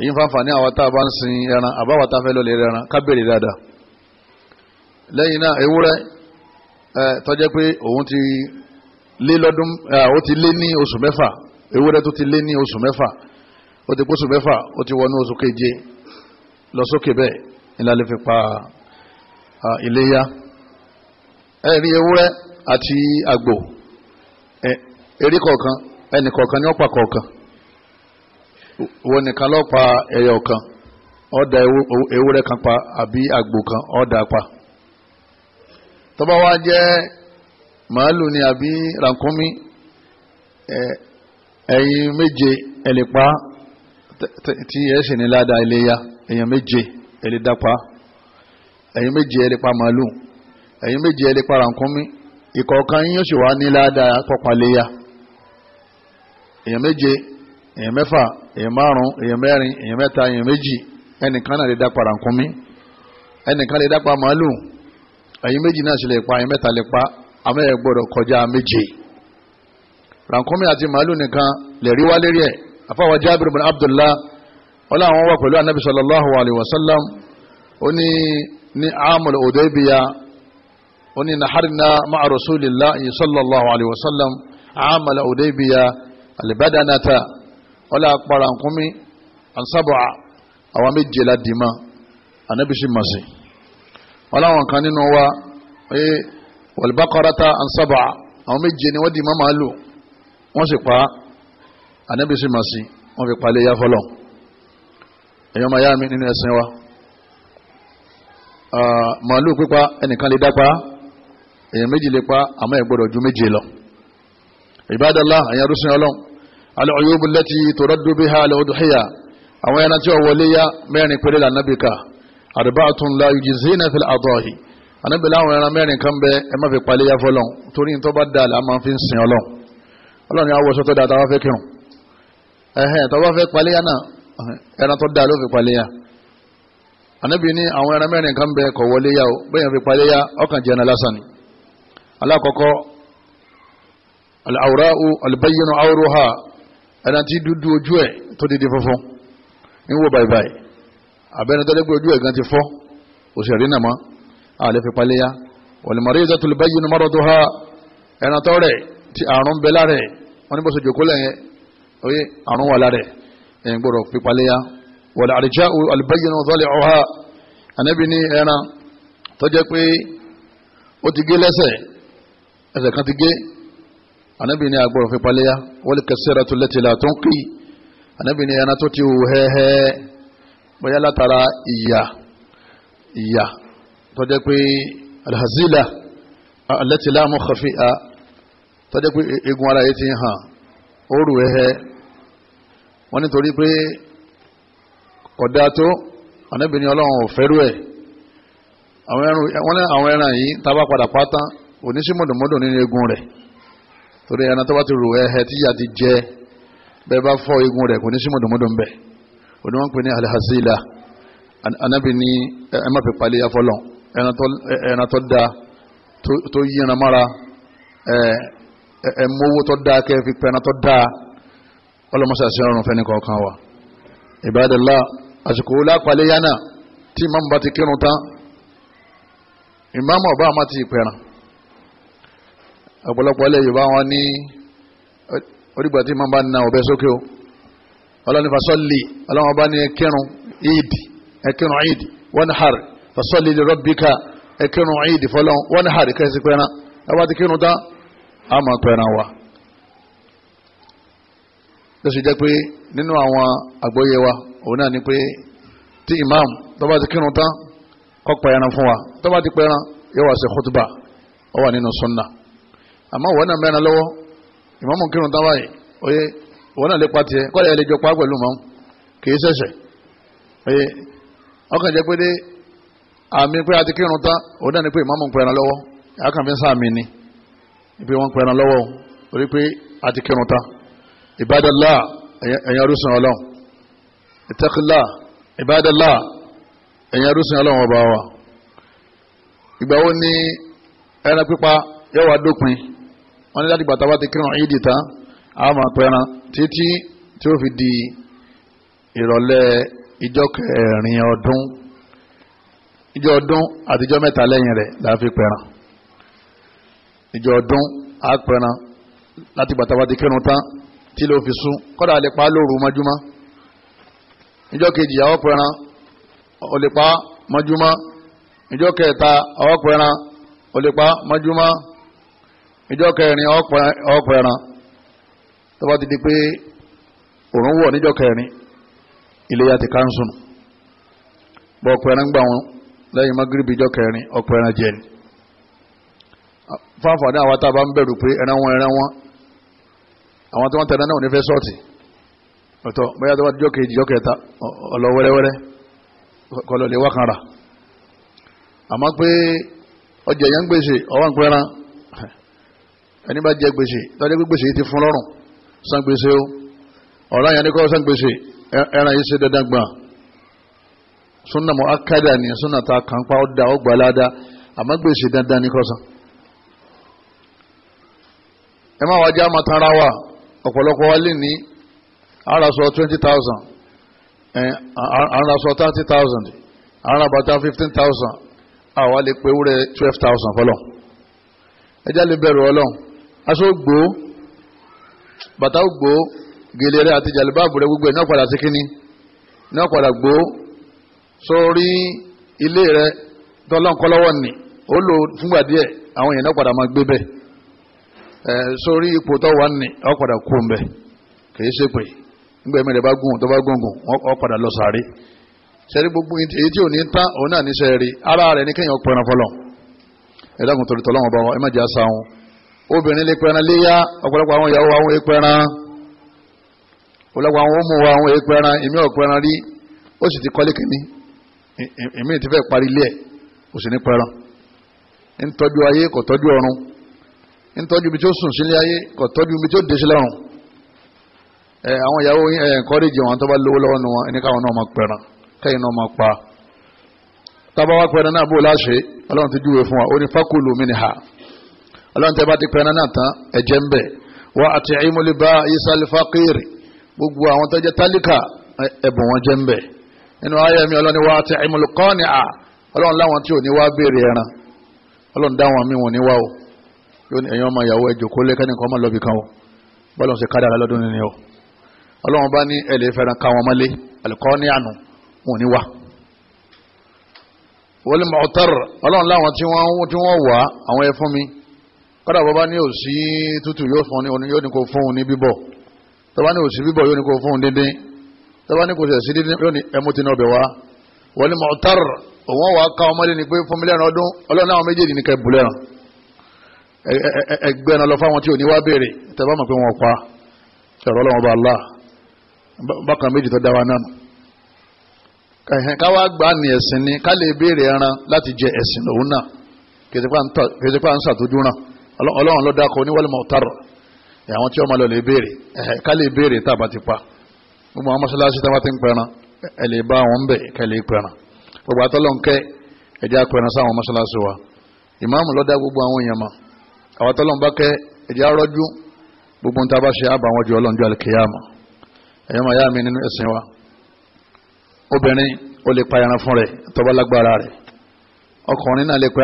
èyí fanfani àwọn tá a bá ń sin ẹran àbáwọ̀ tá a fẹ́ lọ́lẹ̀ ẹran ká béèrè dáadáa lẹ́yìn náà ewúrẹ́ ẹ tọ́jẹ́ pé òun ti lé lọ́dún ó ti lé ní oṣù mẹ́fà ewúrẹ́ tó ti lé ní oṣù mẹ́fà ó ti pósù mẹ́fà ó ti wọnú oṣù keje lọ sókè bẹ́ẹ̀ ńlá fi pa iléyá ẹ̀rí ewúrẹ́ àti àgbò ẹ̀rí kọ̀ọ̀kan ẹnì kọ̀ọ̀kan ni ó pa kọ̀ọ̀kan wọn nìkan ló pa ẹyọ kan ó da ewúrẹ́ kan pa àbí àgbò kan ó da pa tó bá wá jẹ́ màálù ni àbí ràkúnmí ẹ̀yin méje ẹ lè pa tí ẹ sì ní ládàá iléyá ẹ̀yin méje ẹ lè méje ẹ màálù ẹ̀yin méje ẹ lè ìkọ̀ọ̀kan yín yóò sì wá ní ládàá pọ̀pàléyà èèyàn méje èèyàn mẹ́fà èèyàn márùn èèyàn mẹ́rin èèyàn mẹ́ta èèyàn méjì ẹnìkan náà lè dá pa ràkúnmí ẹnìkan lè dá pa màálù ẹ̀yin méjì náà sì lè pa ẹ̀yin mẹ́ta lè pa amẹ́yẹ gbọ́dọ̀ kọjá méje ràkúnmí àti màálù nìkan lè rí wá lérí ẹ̀ afáwọn Jábìr bin Abdullah ọlá àwọn wà pẹ̀lú anabi sallallahu alayhi wa sallam ó ní ní amul Hudaybiya ó ní naharina ma'a rasulillahi sallallahu alayhi wa sallam amul Hudaybiya alibadanata wọ́n lè apara nkumi ansabu'a àwọn méje la dì ma anabisi masi wọ́n làwọn kan nínú wa ee walibakarata ansabu'a àwọn méje ni wọ́n dì ma màálù wọ́n sì pa anabisi masi wọ́n fi palẹ̀ ya fọlọ́ ẹ̀yọ́ máa yá mi nínú ẹ̀sìn wa màálù pípa ẹnìkan lè dápa èèyàn méjì lè pa àmọ́ ẹ̀ gbọ́dọ̀ ju méje lọ ìbádọ́lá àyàn arúsìn ọlọ́run العيوب التي ترد بها الأضحية أو ينتهي أولية مين كل النبي أربعة لا يجزين في الأضاحي anabi láwọn ẹran mẹ́rin kan bẹ ẹ má fi paléyà fọlọ́n torí ní tó bá dà láà máa fi ń sin ọlọ́n ọlọ́n ni awọ́sọ tó dáa tá a bá fẹ́ kírun ẹ̀hẹ́n tó bá fẹ́ paléyà náà ẹran tó dáa ló fi paléyà anabi ní àwọn ẹran mẹ́rin kan bẹ kọ̀ wọlé yá o bẹ́ẹ̀ yẹn fi paléyà ọkàn jẹ́ ẹran lásán ni alákọ̀ọ́kọ́ alawura'u albayyinu awuruha ẹni àti dúdú ojú ẹ̀ tó dédé fọ́fọ́ ń wò báyìí àbẹ́ni tó dẹ́gbẹ́ ojú ẹ̀ gan ti fọ́ òsì rí nàmọ́ àlẹ́ fi paléyà wọ̀lùmọ̀rí ìdá tòlùbá yìí ni tó ha ẹni àtọ́ rẹ̀ ti àrùn bẹ lára wọ́n ní bó jòkó lẹ́yìn oye àrùn wà lára ẹ̀ ń gbọ́dọ̀ fi paléyà wọ̀lù àrìjá àlùbáyìí ni tọ́lẹ̀ ọ̀ha ànábì ní ẹran tó jẹ́ pé ó ti gé lẹ́sẹ̀ ẹsẹ̀ kan ti gé anabi ní agbọ́dọ̀ fi paléyà wọ́lẹ̀ kẹsẹ́rẹ́ tó lẹ́tì la tó ń kì í anabi ní ẹran tó ti hù hẹ́hẹ́ bóyá látara ìyà ìyà tó jẹ́ pé alhazila alẹ́tì láàmú kọfí a tó jẹ́ pé egun ara yìí ti hàn ó rù hẹ́hẹ́ wọ́n nítorí pé kọ̀dá tó anabi ní ọlọ́run ò fẹ́rù ẹ̀ àwọn ẹran yìí tábà padà pátá oníṣẹ́ nínú egun rẹ̀ torí ẹran tó bá ti rò ẹhẹ tí yà ti jẹ bẹ́ẹ̀ bá fọ́ egun rẹ̀ kò ní sí mọ̀dọ̀mọ́dọ̀ ń bẹ̀ òní wọ́n ń pè ní alhazila anabi ní ẹ má fi palẹ̀ afọlọ́ ẹran tó da tó yíran mára ẹ mówó tó da kẹ́ fi pẹ́ran tó da ọlọ́mọṣàṣẹ́ ọ̀run fẹ́ni kọ̀ọ̀kan wa ìbádẹ́lá àsìkò lápalẹ̀ yánà tí ìmáàmù bá ti kírun tán ìmáàmù ọba àmà ti pẹ̀ràn ọ̀pọ̀lọpọ̀ ilẹ̀ yorùbá wọn ní orígbà tí màá bá na ọ̀bẹ sókè o ọlọ́ni fasọ́lì ọlọ́wọ́n bá ní ẹkẹrùn ìdì ẹkẹrùn ìdì wọ́n hàr fasọ́lì lè rọ́bìkà ẹkẹrùn ìdì fọlọ́n wọ́n hàr kẹsì pẹ́ran ẹwà ti kírun tán a máa pẹ́ran wa. ló sì jẹ́ pé nínú àwọn àgbọ́yé wa òun náà ni pé tí imam tó bá ti kírun tán kó pẹ́ran fún wa tó bá ti pẹ́ran yóò wá ṣe khutba ó wà nínú sunnah àmọ́ wọ́n náà mẹ́rin lọ́wọ́ ìmáàmù kírun táwa yìí oye wọ́n náà lè pa tiẹ̀ kọ́ lẹ́yìn lẹ́jọ́ pa pẹ̀lú mọ́ kì í ṣẹ̀ṣẹ̀ oye ọkàn jẹ́ pé dé àmì pé a ti kírun tán òun náà ni pé ìmáàmù pẹ̀ràn lọ́wọ́ àkàn fi ń sáàmì ni pé wọ́n pẹ̀ràn lọ́wọ́ orí pé a ti kírun tán ìbádọ́lá ẹ̀yàn orísun ọlọ́run ìtẹ́kílá ìbádọ́lá ẹ̀yàn orísun ọlọ́run ọba wa ìgbà wo ni ẹran pípa yóò wá dópin wọ́n ní láti gbàtà bá ti kírun ìdí tán a máa pẹran títí tí ó fi di ìrọ̀lẹ́ ìjọ kẹrin ọdún ìjọ ọdún àtijọ́ mẹ́ta lẹ́yìn rẹ̀ la fi pẹran ìjọ ọdún a pẹran láti gbàtà bá ti kírun tán tí ló fi sún kọ́dà lè pa lóru mọ́júmọ́ ìjọ kejì àwọn pẹran ó pa mọ́júmọ́ ìjọ kẹta àwọn pẹran ó pa mọ́júmọ́ ìjọ kẹrin ọ̀pọ̀ ẹran tó bá ti di pé òrùn wọ̀ níjọ kẹrin iléyà ti káńsùn bọ́ ọ̀pọ̀ ẹran gbà wọn lẹ́yìn magrebi ìjọ kẹrin ọ̀pọ̀ ẹran jẹ ni fáfàdé àwọn tá a bá ń bẹ̀rù pé ẹran wọn ẹran wọn àwọn tí wọ́n tẹ̀lé náà ò ní fẹ́ sọ́ọ̀tì ọ̀tọ̀ bóyá tó bá dijọ́ kejì jọ́ kẹta ọ̀lọ́ wẹ́rẹ́wẹ́rẹ́ kọlọ̀ lè wá kan rà àmọ́ pé ọjà yẹn ń gbèsè ọwọ́ ń ẹni bá jẹ gbèsè tọ́jú pé gbèsè yìí ti fún lọ́rùn san gbèsè o ọ̀rọ̀ yẹn ni kọ́ san gbèsè ẹran yìí ṣe dandan gbà súnà mọ́ akádà ni súnà ta kàn pa ọ̀dà ọgbà ládà àmọ́ gbèsè dandan ni kọ́ san. ẹ má wájà máa tan ara wa ọ̀pọ̀lọpọ̀ wa lè ní àràsọ twenty thousand àràsọ thirty thousand àràbàtà fifteen thousand àwa lè pe ewúrẹ́ twelve thousand fọlọ́ ẹ já lè bẹ̀rù ọlọ́run aṣọ gboo bàtà ògbó gèlè rẹ àti jàlùbáàbù rẹ gbogbo ẹ̀ náà padà sí kínní náà padà gbó sórí ilé rẹ tọ́lọ́nkọ́lọ́wọ́ ni ó lò fúngbà díẹ̀ àwọn èèyàn náà padà máa gbé bẹ́ẹ̀ sórí ipò tó wà ní ọ padà kú ń bẹ̀ kìí ṣe pé nígbà mẹ́rin bá gùn tó bá gùngùn ọ padà lọ sàárè gbogbo èyí tí ò ní tán òun náà ní sẹ́rí ara rẹ̀ ní kéèyàn pẹran fọlọ́ ẹ̀dá obìnrin lè pẹran léyà ọ̀pọ̀lọpọ̀ àwọn ìyàwó àwọn èèpẹran ọ̀pọ̀lọpọ̀ àwọn ọmọ àwọn èèpẹran èmi ọ̀pẹran rí ó sì ti kọ́lé kìíní èmi ti fẹ́ parí ilé ẹ̀ ó sì ní pẹran ń tọ́jú ayé kò tọ́jú ọ̀run ń tọ́jú ibi tí ó sùn sílé ayé kò tọ́jú ibi tí ó dé sílẹ̀ ẹ àwọn ìyàwó ẹ ẹ̀ńkọ́rẹ́jì wọn tó bá lówó lọ́wọ́ nu wọn ẹni káwọn náà wa ó ní fákùlù mi ọlọ́run tẹ́ bá ti pẹ́ran náà tán ẹ̀jẹ̀ ń bẹ̀ wá àti ìmúlẹ̀bá isal fakiri gbogbo àwọn tó jẹ́ tálíkà ẹ̀bùn wọn jẹ́ ń bẹ̀ nínú ayé mi ọlọ́run wá àti ìmúlẹ̀kọ́ni à ọlọ́run láwọn tí ò ní wá béèrè ẹran ọlọ́run dáwọn mi wọn ní wá o yóò ní ẹ̀yin ọmọ ìyàwó ẹ̀jọ̀ kó lé kẹ́nìkan ọmọ lọ́bì kan o bọ́lọ̀ ṣe kádàrá lọ́dún nínú o ọlọ́run bá ní ẹ̀lẹ́ fẹ́ràn ká wọn mọ́lé àlùkọ́ni àánú wọ́n lè kọ́dà bọ́ bá ní òsì tútù yóò fún un yóò ní kó fún un ní bíbọ̀ tó bá ní òsì bíbọ̀ yóò ní kó fún un díndín tó bá ní kò sẹ̀sí díndín yóò ní ẹmu tí ní ọbẹ̀ wá wọlé mọ̀tàr òun wà ká ọmọdé ni pé fún mi lẹ́nu ọdún ọlọ́run àwọn méjèèjì ní kẹ́bù lẹ́nu ẹgbẹ́ náà lọ fáwọn tí ò ní wá béèrè tẹ bá mọ̀ pé wọ́n pa ẹ̀rọ ọlọ́run bá lá bákan méjì tó dá wa ọlọ́run ló dákọ̀ oníwàlẹ̀ mọ̀tàrọ̀ àwọn tí wọ́n máa lọ lè béèrè ká lè béèrè tá a bá ti pa gbogbo àwọn mọ́ṣáláṣí tá a bá ti ń pẹran ẹ lè bá wọn bẹ̀ ká lè pẹran gbogbo àtọ́lọ́ nkẹ́ ẹjẹ́ apẹran sáwọn mọ́ṣáláṣí wa ìmáàmù ló dá gbogbo àwọn èèyàn mọ̀ àwọn àtọ́lọ́ bá kẹ́ ẹjẹ́ arọ́jú gbogbo nta bá ṣe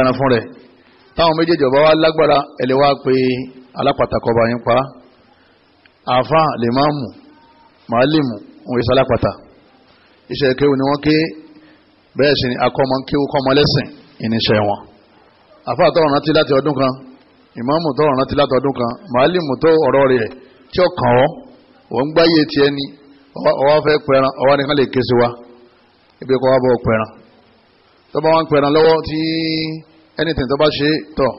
àbá wọn táwọn méjèèjì ọba wa lágbára ẹ̀lẹ́ wa pé alápàtàkọ́ afa yín pa àfa lè máa mú màálìmù òun ìsà alápàtà iṣẹ́ kéwù ni wọ́n ké bẹ́ẹ̀ sì ni akọ́mọ kéwù kọ́mọ lẹ́sìn ìníṣẹ́ wọn na tọrọ rántí láti ọdún kan ìmáàmù tọrọ rántí láti ọdún kan màálìmù tó ọ̀rọ̀ rẹ̀ tí ó kàn ọ́ ń gbáyé ni ọwọ́ fẹ́ pẹran wa ibi kọ́ anything tó bá ṣe tọ̀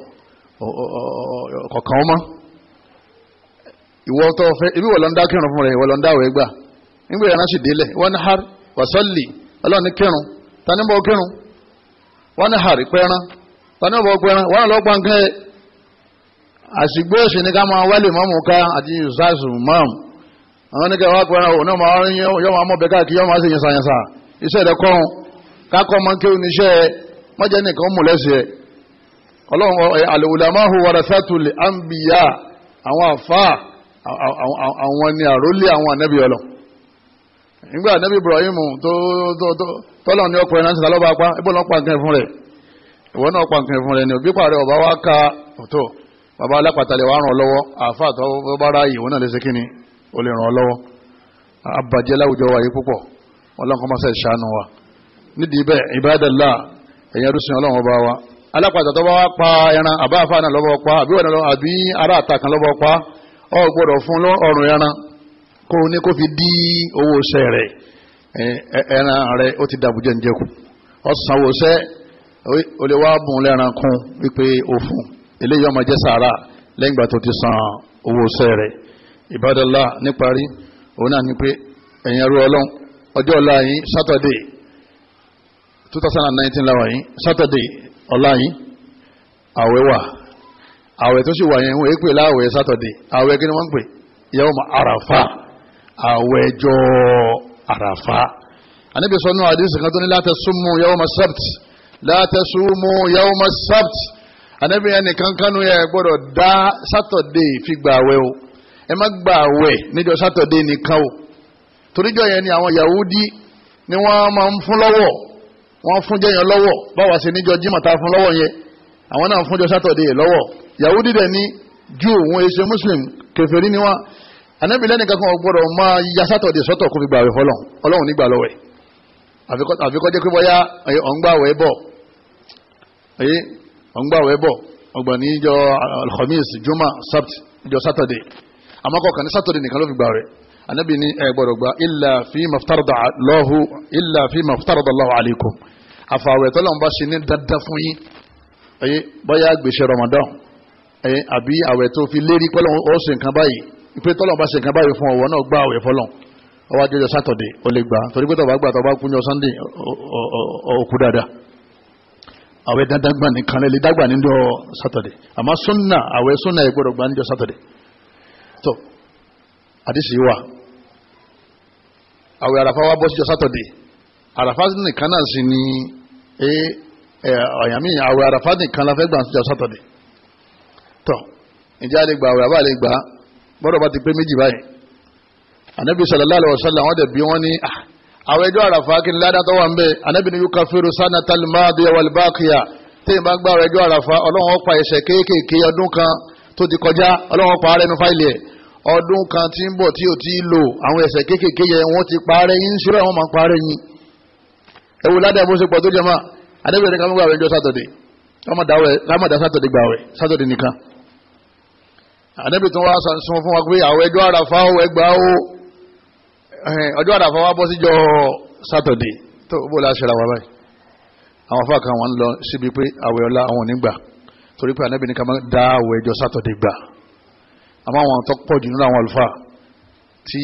kọ̀ọ̀kan mọ́ ìwọ tó fẹ́ ibi wọ̀ lọ́ndà kírun fún rẹ̀ ìwọ lọ́ndà òwe gbà nígbà yàrá sì délẹ̀ wọ́n ní har wàsọ́lì ọlọ́run ní kírun ta bọ́ kírun wọ́n ní har pẹ́ran ta bọ́ pẹ́ran wọ́n lọ́ pa nǹkan ẹ̀ àsìgbó ká máa wálé mọ́mù ká àti ìsáàsù mọ́mù àwọn oníkẹ́ wá pẹ́ran òun náà máa yọ máa mọ̀ káàkiri yọ máa ọlọ́run al-ulamahu warathatul anbiya àwọn àfáà àwọn ni àrólé àwọn a ọlọ́ nígbà ànábì Ibrahim tọ́lọ̀ ní ọkùnrin náà síta lọ́ba apá ibò náà pa nǹkan fún rẹ̀ ìwọ náà pa nǹkan fún rẹ̀ ni òbí pàrọ̀ ọba wa ka òtò bàbá alápàtàlẹ̀ wa ràn ọ́ lọ́wọ́ àfáà tó bá ráàyè ìwọ náà lè ṣe kíni ó lè ràn ọ́ lọ́wọ́ láwùjọ wa yìí púpọ̀ ọlọ́run kọ́ máa ṣe alápàtà tó bá wá pa ẹran àbá náà lọ́bọ̀ pa àbí wọ̀nà àbí ará àtàkàn lọ́bọ̀ pa ọ fún ọrùn ẹran kó ní kó fi dí owó iṣẹ́ rẹ ẹran rẹ ó ti dàbújẹ́ ń jẹ́kù ọ̀sánwó iṣẹ́ o lè wá bùn lẹ́ran kún wípé o fún eléyìí ọmọ jẹ́ sàárà lẹ́yìn ìgbà tó ti san owó iṣẹ́ rẹ ìbádọ́lá níparí òun náà ni pé ẹ̀yin ẹrú ọlọ́run ọjọ́ 2019 láwa yìí sátọ̀dé ọ̀la yìí àwẹ̀ wà àwẹ̀ tó sì wà yẹn wọ́n èpè láàwẹ̀ sátọ̀dẹ̀ àwẹ̀ kí ni wọ́n ń pè yẹ́wọ́n mọ àràfà àwẹ̀ jọ àràfà àníbi sọ́nù àdìsí kan tó ní láti yẹ́wọ́n mọ sabt láti súnmù yẹ́wọ́n mọ sabt àníbi yẹn nìkan kánú yẹ gbọ́dọ̀ dá sátọ̀dẹ̀ fi gbà àwẹ̀ o ẹ má gbà àwẹ̀ níjọ́ sátọ̀dẹ̀ nìkan o toríjọ́ yẹn ni àwọn Yahudi ni wọ́n máa ń fún lọ́wọ́ wọ́n fún jẹ́yàn lọ́wọ́ báwa ṣe níjọ jimá ta fún lọ́wọ́ yẹn àwọn náà fúnjọ sátọ̀dẹ̀ lọ́wọ́ Yahudi dẹ̀ ní jù wọn èsè e muslim kèfèrí ni wọn Ànábì lẹ́nìkan kan gbọ́dọ̀ máa ya sátọ̀dẹ̀ sọ́tọ̀ kó fi gbàwẹ̀ fọlọ́n Ọlọ́run nígbà lọ́wẹ̀ àfikọ́jẹ́ pé bọ́yá ọ̀ngbàwẹ̀ bọ̀ ọ̀ngbàwẹ̀ bọ̀ ọgbọ̀n níjọ alhamis juma sabt níjọ sátọ̀dẹ̀ àmọ́kọ̀ọ̀kan ní sátọ̀dẹ̀ nìkan ló fi gbàwẹ̀ anabi ní ẹ gbọ́dọ̀ gba ilà fi maftarada lọ́hu ilà fi maftarada lọ́hu aleikum àfàwẹ̀ tọ́lọ̀ ń bá ṣe ní dandan fún yín ẹyẹ bóyá gbèsè ramadan ẹyẹ àbí àwẹ̀ tó fi lérí pẹ́lú ọ̀sẹ̀ nǹkan báyìí pé tọ́lọ̀ bá ṣe nǹkan báyìí fún ọ̀wọ́ náà gbá àwẹ̀ fọlọ́n ọwọ́ adéjọ sátọ̀dẹ̀ ó lè gbà torí pé tọ́ba gbà tọ́ba kú yọ sunday òkú dáadáa àwẹ̀ dandan gbà nìkan lè dágbà níjọ sátọ̀dẹ̀ àmọ́ sunna àwẹ̀ sunna ẹ̀ gbọ́dọ̀ gbà níjọ sátọ̀dẹ̀ tó àdìsí wà àwẹ̀ àràfà wa bọ́ síjọ sátọ̀dé àràfà nìkan náà sì ni ọ̀yàmí àwẹ̀ àràfà nìkan la fẹ́ gbà síjọ sátọ̀dé tọ̀ ìjà lè gbà àwẹ̀ àbá lè gbà bọ́dọ̀ bá ti pé méjì báyìí ànábì sallallahu alaihi wasallam àwọn dẹ̀ bí wọ́n ní ah, àwẹ̀ ẹjọ́ àràfà kí ni ládàá tó wà ń bẹ̀ ànábì ni yukafiru sanatal madiya wal baqiya téèyàn bá gbà àwẹ̀ ẹjọ́ àràfà ọlọ́run pa ẹ̀ṣẹ̀ kéékèèké ọdún kan tó ti kọjá ọlọ́run ó pa arẹ́nu fáìlì ẹ̀ ọdún kan tí ń bọ̀ tí ò tí ì lò àwọn ẹ̀ṣẹ̀ kéékèèké yẹn wọ́n ti parẹ́ yín ṣúra wọn máa parẹ́ yín ẹ wo ládàá bó ṣe pọ̀ tó jẹ́ máa adébẹ̀rẹ̀ kan gbà wẹ̀ ọjọ́ sátọ̀dẹ̀ lámàdá sátọ̀dẹ̀ gbà wẹ̀ sátọ̀dẹ̀ nìkan àdébẹ̀ tó wá sọ fún wa pé àwọn ẹjọ́ àràfà ó ẹgbà ó ọjọ́ àràfà wa bọ́ síjọ́ sátọ̀dẹ̀ tó bó la ṣẹlẹ̀ wa báyìí àwọn afá wọn lọ síbi pé àwẹ̀ ọlá àwọn ò torí pé àdébẹ̀ nìkan máa dá àwẹ̀ ọjọ́ sátọ̀dẹ̀ gbà àmọ́ àwọn tó pọ̀ jù nínú àwọn àlùfáà tí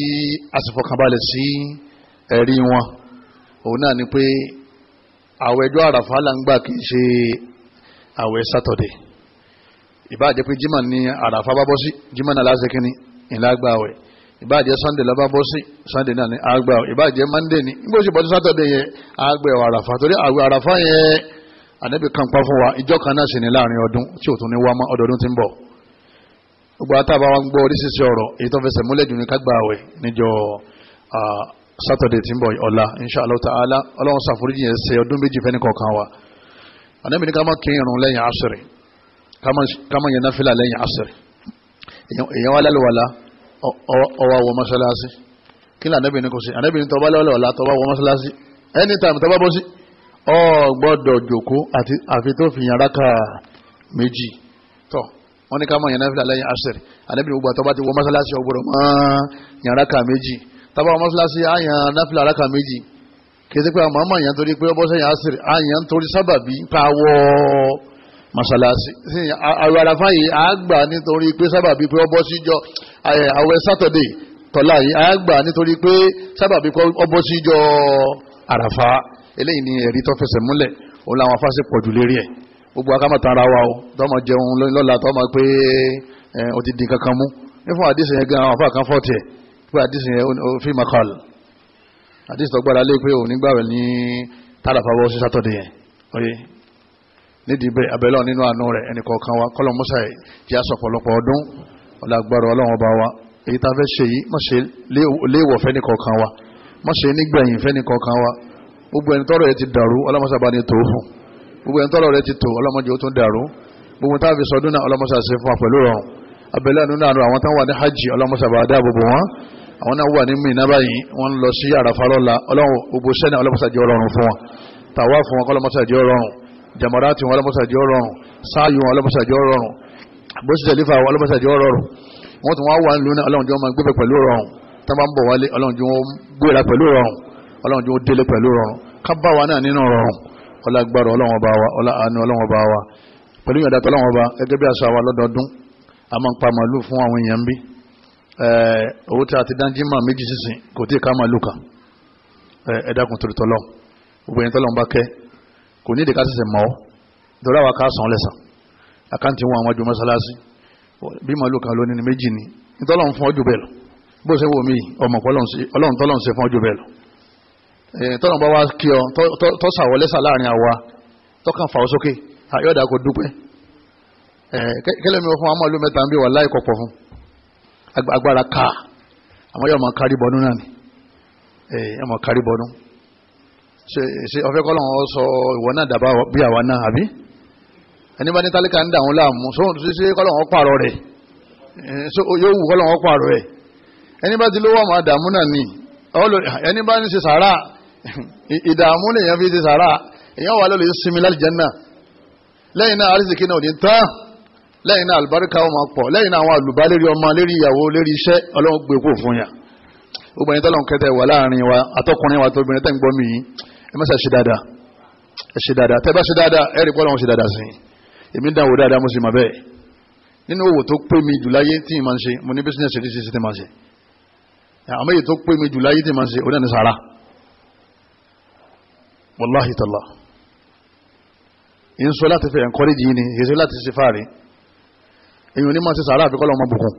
a sì fọkànbalẹ̀ sí ẹ̀rí wọn òun náà ni pé àwẹ̀ ọjọ́ àràfà là ń gbà kì í ṣe àwẹ̀ sátọ̀dẹ̀ ìbá jẹ́ pé jimá ní àràfà bá bọ́ sí jimá náà láti kínní ìlà àgbà àwẹ̀ ìbá jẹ́ sunday lọ́ba bọ́ sí sunday náà ní àgbà àwẹ̀ ìbá jẹ́ ní nígbà tí bọ́dún sátọ̀dẹ̀ yẹn àgbẹ̀ àràfà torí àwẹ̀ àràfà yẹn ànábì kan pa fún wa ìjọ kan náà sì ní láàrin ọdún tí ò ní wá mọ́ ọdọọdún ti ń bọ̀ gbogbo àtàbà wọn gbọ́ oríṣiríṣi ọ̀rọ̀ èyí tó fẹsẹ̀ múlẹ̀ jù ní ká gba àwẹ̀ níjọ́ sátọ̀dẹ̀ tí ń bọ̀ ọ̀la inṣàlọ́ ta'ala ọlọ́run ṣàforíjì yẹn ṣe ọdún méjì fẹ́ni kọ̀ọ̀kan wa ànábì ní ká má kí irun lẹ́yìn asẹ̀rì ká má yẹn náfìlà lẹ́yìn asẹ̀rì èèyàn wá lálùwàlá ọwọ́ wọ mọ́ṣáláṣí kí ni ànábì ní kò sí ànábì ní tọ́ba lálùwàlá tọ́ba wọ mọ́ṣáláṣí anytime tọ́ba bọ́ sí ọ gbọ́dọ̀ jòkó àfi tó fi yàrá ká méjì tọ́ wọ́n ní ká mọ̀ yànnà fìlà lẹ́yìn asẹ̀rì ànábì ní gbogbo àtọ́ bá ti wọ mọ́sálásí ọ̀gbọ̀dọ̀ mọ́ yàrá kà méjì tábà wọ mọ́sálásí àyàn náfìlà ara kà méjì kéde pé àmọ́ àmọ́ yàn torí pé ọbọ̀sẹ̀ yàn asẹ̀rì àyàn torí sábàbí pàwọ́ mọ́sálásí àwọn àràfà yìí àgbà nítorí pé sábàbí pé ọbọ̀síjọ àwẹ̀ sátọ̀dẹ̀ tọ́lá yìí àgbà nítorí pé sábàbí pé ọbọ̀síjọ àràfà eléyìí ni ẹ̀rí tó fẹsẹ̀ múlẹ̀ òun làwọn afáṣepọ̀ jù lérí ẹ̀ gbogbo akámọ̀tàn ara wa o tọ́mọ jẹun lọ́la tọ́mọ pé o ti di kankan mú ní fún yẹn gan àwọn afáàkàn fọ́ọ̀tì pé àdìsí yẹn fi makal àdìsí tó gbára lé pé òun nígbà rẹ̀ ní tàdàfàwọ́ sí sátọ̀dé yẹn oye nídìí bẹ́ẹ̀ abẹ́lọ́ nínú àánú rẹ̀ ẹnì kọ̀ọ̀kan wa kọ́lọ̀ mọ́sà ẹ̀ jẹ́ aṣọ ọ̀pọ̀lọpọ̀ ọdún ọ̀làgbàrọ̀ ọlọ́run ọba wa èyí tá a fẹ́ ṣe yìí má ṣe léèwọ̀ fẹ́ nìkọ̀ọ̀kan wa má ṣe nígbẹ̀yìn fẹ́ nìkọ̀ọ̀kan wa gbogbo ẹni tọ́rọ̀ ẹ ti dàrú ọlọ́mọṣàbá ni tòó fún gbogbo ẹ̀ ń tọ́lọ̀ rẹ ti tò ọlọ́mọdé ó tún dàrú gbogbo táà fi sọdún náà ọlọ́mọsà ṣe fún wa pẹ̀lú rọrùn abẹ́lẹ́ àdúrà àrùn àwọn táwọn wà ní hajj ọlọ́mọsà bá dáàbò bò wọ́n àwọn náà wà ní Mínà báyìí wọ́n lọ sí àràfà lọ́la ọlọ́run gbogbo sẹ́ni ọlọ́mọsà jẹ́ ọlọ́run fún wọn tàwa fún wọn kọ́lọ́mọsà jẹ́ ọlọ́run jamarati wọn ọlọ́mọsà jẹ́ ọlọ́run sáàyù wọn ọlọ́mọsà jẹ́ ọlọ́run bóṣù tẹ̀lifà wọn ọlọ́mọsà jẹ́ ọlọ́run wọ́n tún wá wà nílùú náà ọlọ́run jẹ́ ọmọ gbé pẹ̀lú rọrùn tó bá ń bọ̀ wálé ọlọ́run jẹ́ wọn gbéra pẹ̀lú ọlá agbára ọlọ́wọ́n bá wa ọlá àánú ọlọ́wọ́n bá wa pẹ̀lú ìyọ̀dá tọ́lọ́wọ́n bá gẹ́gẹ́ bí àṣà wa lọ́dọọdún a máa ń pa màálù fún àwọn èèyàn bí owó tí a ti dánjí mà méjì sísìn kò tí ì ká màálù kan ẹ dákun torí tọ́lọ́ gbogbo ẹni tọ́lọ́wọ́n bá kẹ́ kò ní ìdíkà sẹ̀sẹ̀ mọ́ dọ́là wa ká sàn lẹ́sàn àkáǹtì wọn àwọn àjò mọ́sálásí bí màálù kan lónìí méjì ni ìtọ́lọ́wọ́n fún ọjọ́ bẹ́ẹ̀ lọ bó ṣe wò mí ọmọ ọlọ́run tọ́lọ́run ṣe fún ọjọ́ bẹ́ẹ̀ lọ Eh, tọ́nà bá wá kí ọ tọ́ sàwọlẹ́sà láàrin àwa tọ́kàn fà ó sókè àyọ̀dà kò dúpẹ́ eh, kẹlẹ́ mi fún amọ̀lú mẹ́ta ń bí wà láì kọ̀pọ̀ fún agbára ká àmọ́ yóò máa kárí bọnú náà ni eh, yóò máa kárí bọnú ṣe ọ̀fẹ́ kọ́ lọ́wọ́ sọ ìwọ náà dàbá bí àwa náà àbí ẹni bá ni ẹni bá ní ìdààmú lèèyàn fi ti sàrà èèyàn wà lórí sinmi lálìjẹ́nà lẹ́yìn náà arísìkí náà ò ní tán lẹ́yìn náà àlùbáríkà ọmọ pọ̀ lẹ́yìn náà àwọn àlùbá lérí ọmọ lérí ìyàwó lérí iṣẹ́ ọlọ́run gbé kó fún yà obìnrin tọ́lọ́run kẹtẹ wà láàrin wa àtọkùnrin wa tóbìnrin tẹ́ ń gbọ́ mi yìí ẹ mọ́sà ṣe dáadáa ẹ ṣe dáadáa tẹ́ bá ṣe dáadáa ẹ rí pọ́ lọ́wọ́ ṣe dáadáa sí èmi ń dáwọ́ dáadáa mo sì mọ̀ bẹ́ẹ̀ nínú òwò tó pé mi jù láyé tí mà ń ṣe mo ní bísíǹsì tí mà ń ṣe àmọ́ èyí tó pé mi jù láyé tí mà ń ṣe ó náà ní sàrà wàláhì tàlá in sọ láti fẹ́ ẹ̀kọ́rẹ́jì yìí ni èsì láti ṣe fáàrí èyàn ní máa ṣe sàárà àfikọ́ lọ́mọ bùkún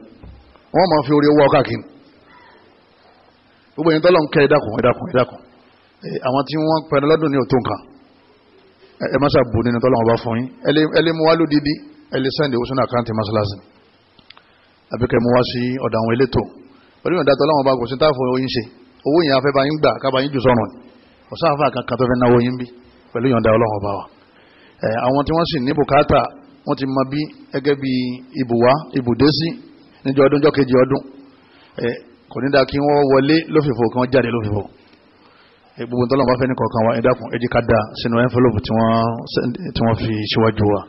wọ́n máa fi orí owó ọkàkín gbogbo ẹ̀yìn tọ́lọ̀ ń kẹ́ ẹ̀dàkùn ẹ̀dàkùn ẹ̀dàkùn àwọn tí wọ́n pẹ̀lú lọ́dún ní òtó nǹkan ẹ má ṣàbù nínú tọ́lọ̀ ọba fún yín ẹ lè mú wá ló dídí ẹ lè sẹ́ndì owó sínú àkáǹtì mọ́ṣáláṣí àbíkẹ́ mú wá sí ọ̀dà àwọn elétò pẹ̀lú ìdátọ́ láwọn ọba kò sí táàfù oyin ṣe owó yẹn afẹ́ bá yín gbà kábàáyín jù sọ́run ni ọ̀sáfà kankan tó fẹ́ náwó yín bí pẹ̀lú yọ̀ǹda ọlọ́run ọba wa àwọn tí wọ́n sì ní bùkátà wọ́n ti mọ bí gẹ́gẹ́ bí ibùwá ibùdé sí níjọ ọdún jọ kejì ọdún kò ní dáa kí wọ́n wọlé lófìfò kan jáde lófìfò gbogbo tọ́lọ́mù bá fẹ́ ní kọ̀ọ̀kan wa ẹ dákun ẹ jẹ́ ká dá sínú envelope tí wọ́n fi síwájú wa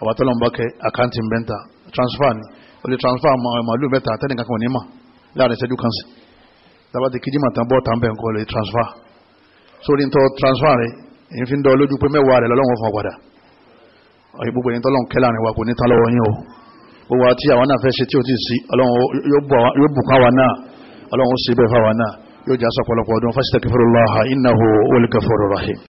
àwọn tọ́lọ́mù bá kẹ àkáǹtì mẹ́ta transfer ni o lè transfer màálù mẹ́ta tẹ́nìkan kan ní mà láàrin ìṣẹ́jú kan sí tábàtì kíjìmọ̀ tán bọ́ọ̀ tán bẹ́ẹ̀ ń kọ́ lè transfer sórí tó transfer rẹ̀ èyí fi ń dọ́ lójú pé mẹ́wàá rẹ̀ lọ́lọ́wọ́ fún ọ̀padà gbogbo èyí tọ́lọ́n kẹ́lá rẹ̀ wà kò ní tán lọ́wọ́ yín o gbogbo àti àwọn náà fẹ́ ṣe tí ó ti sí ọlọ́run yóò bù káwa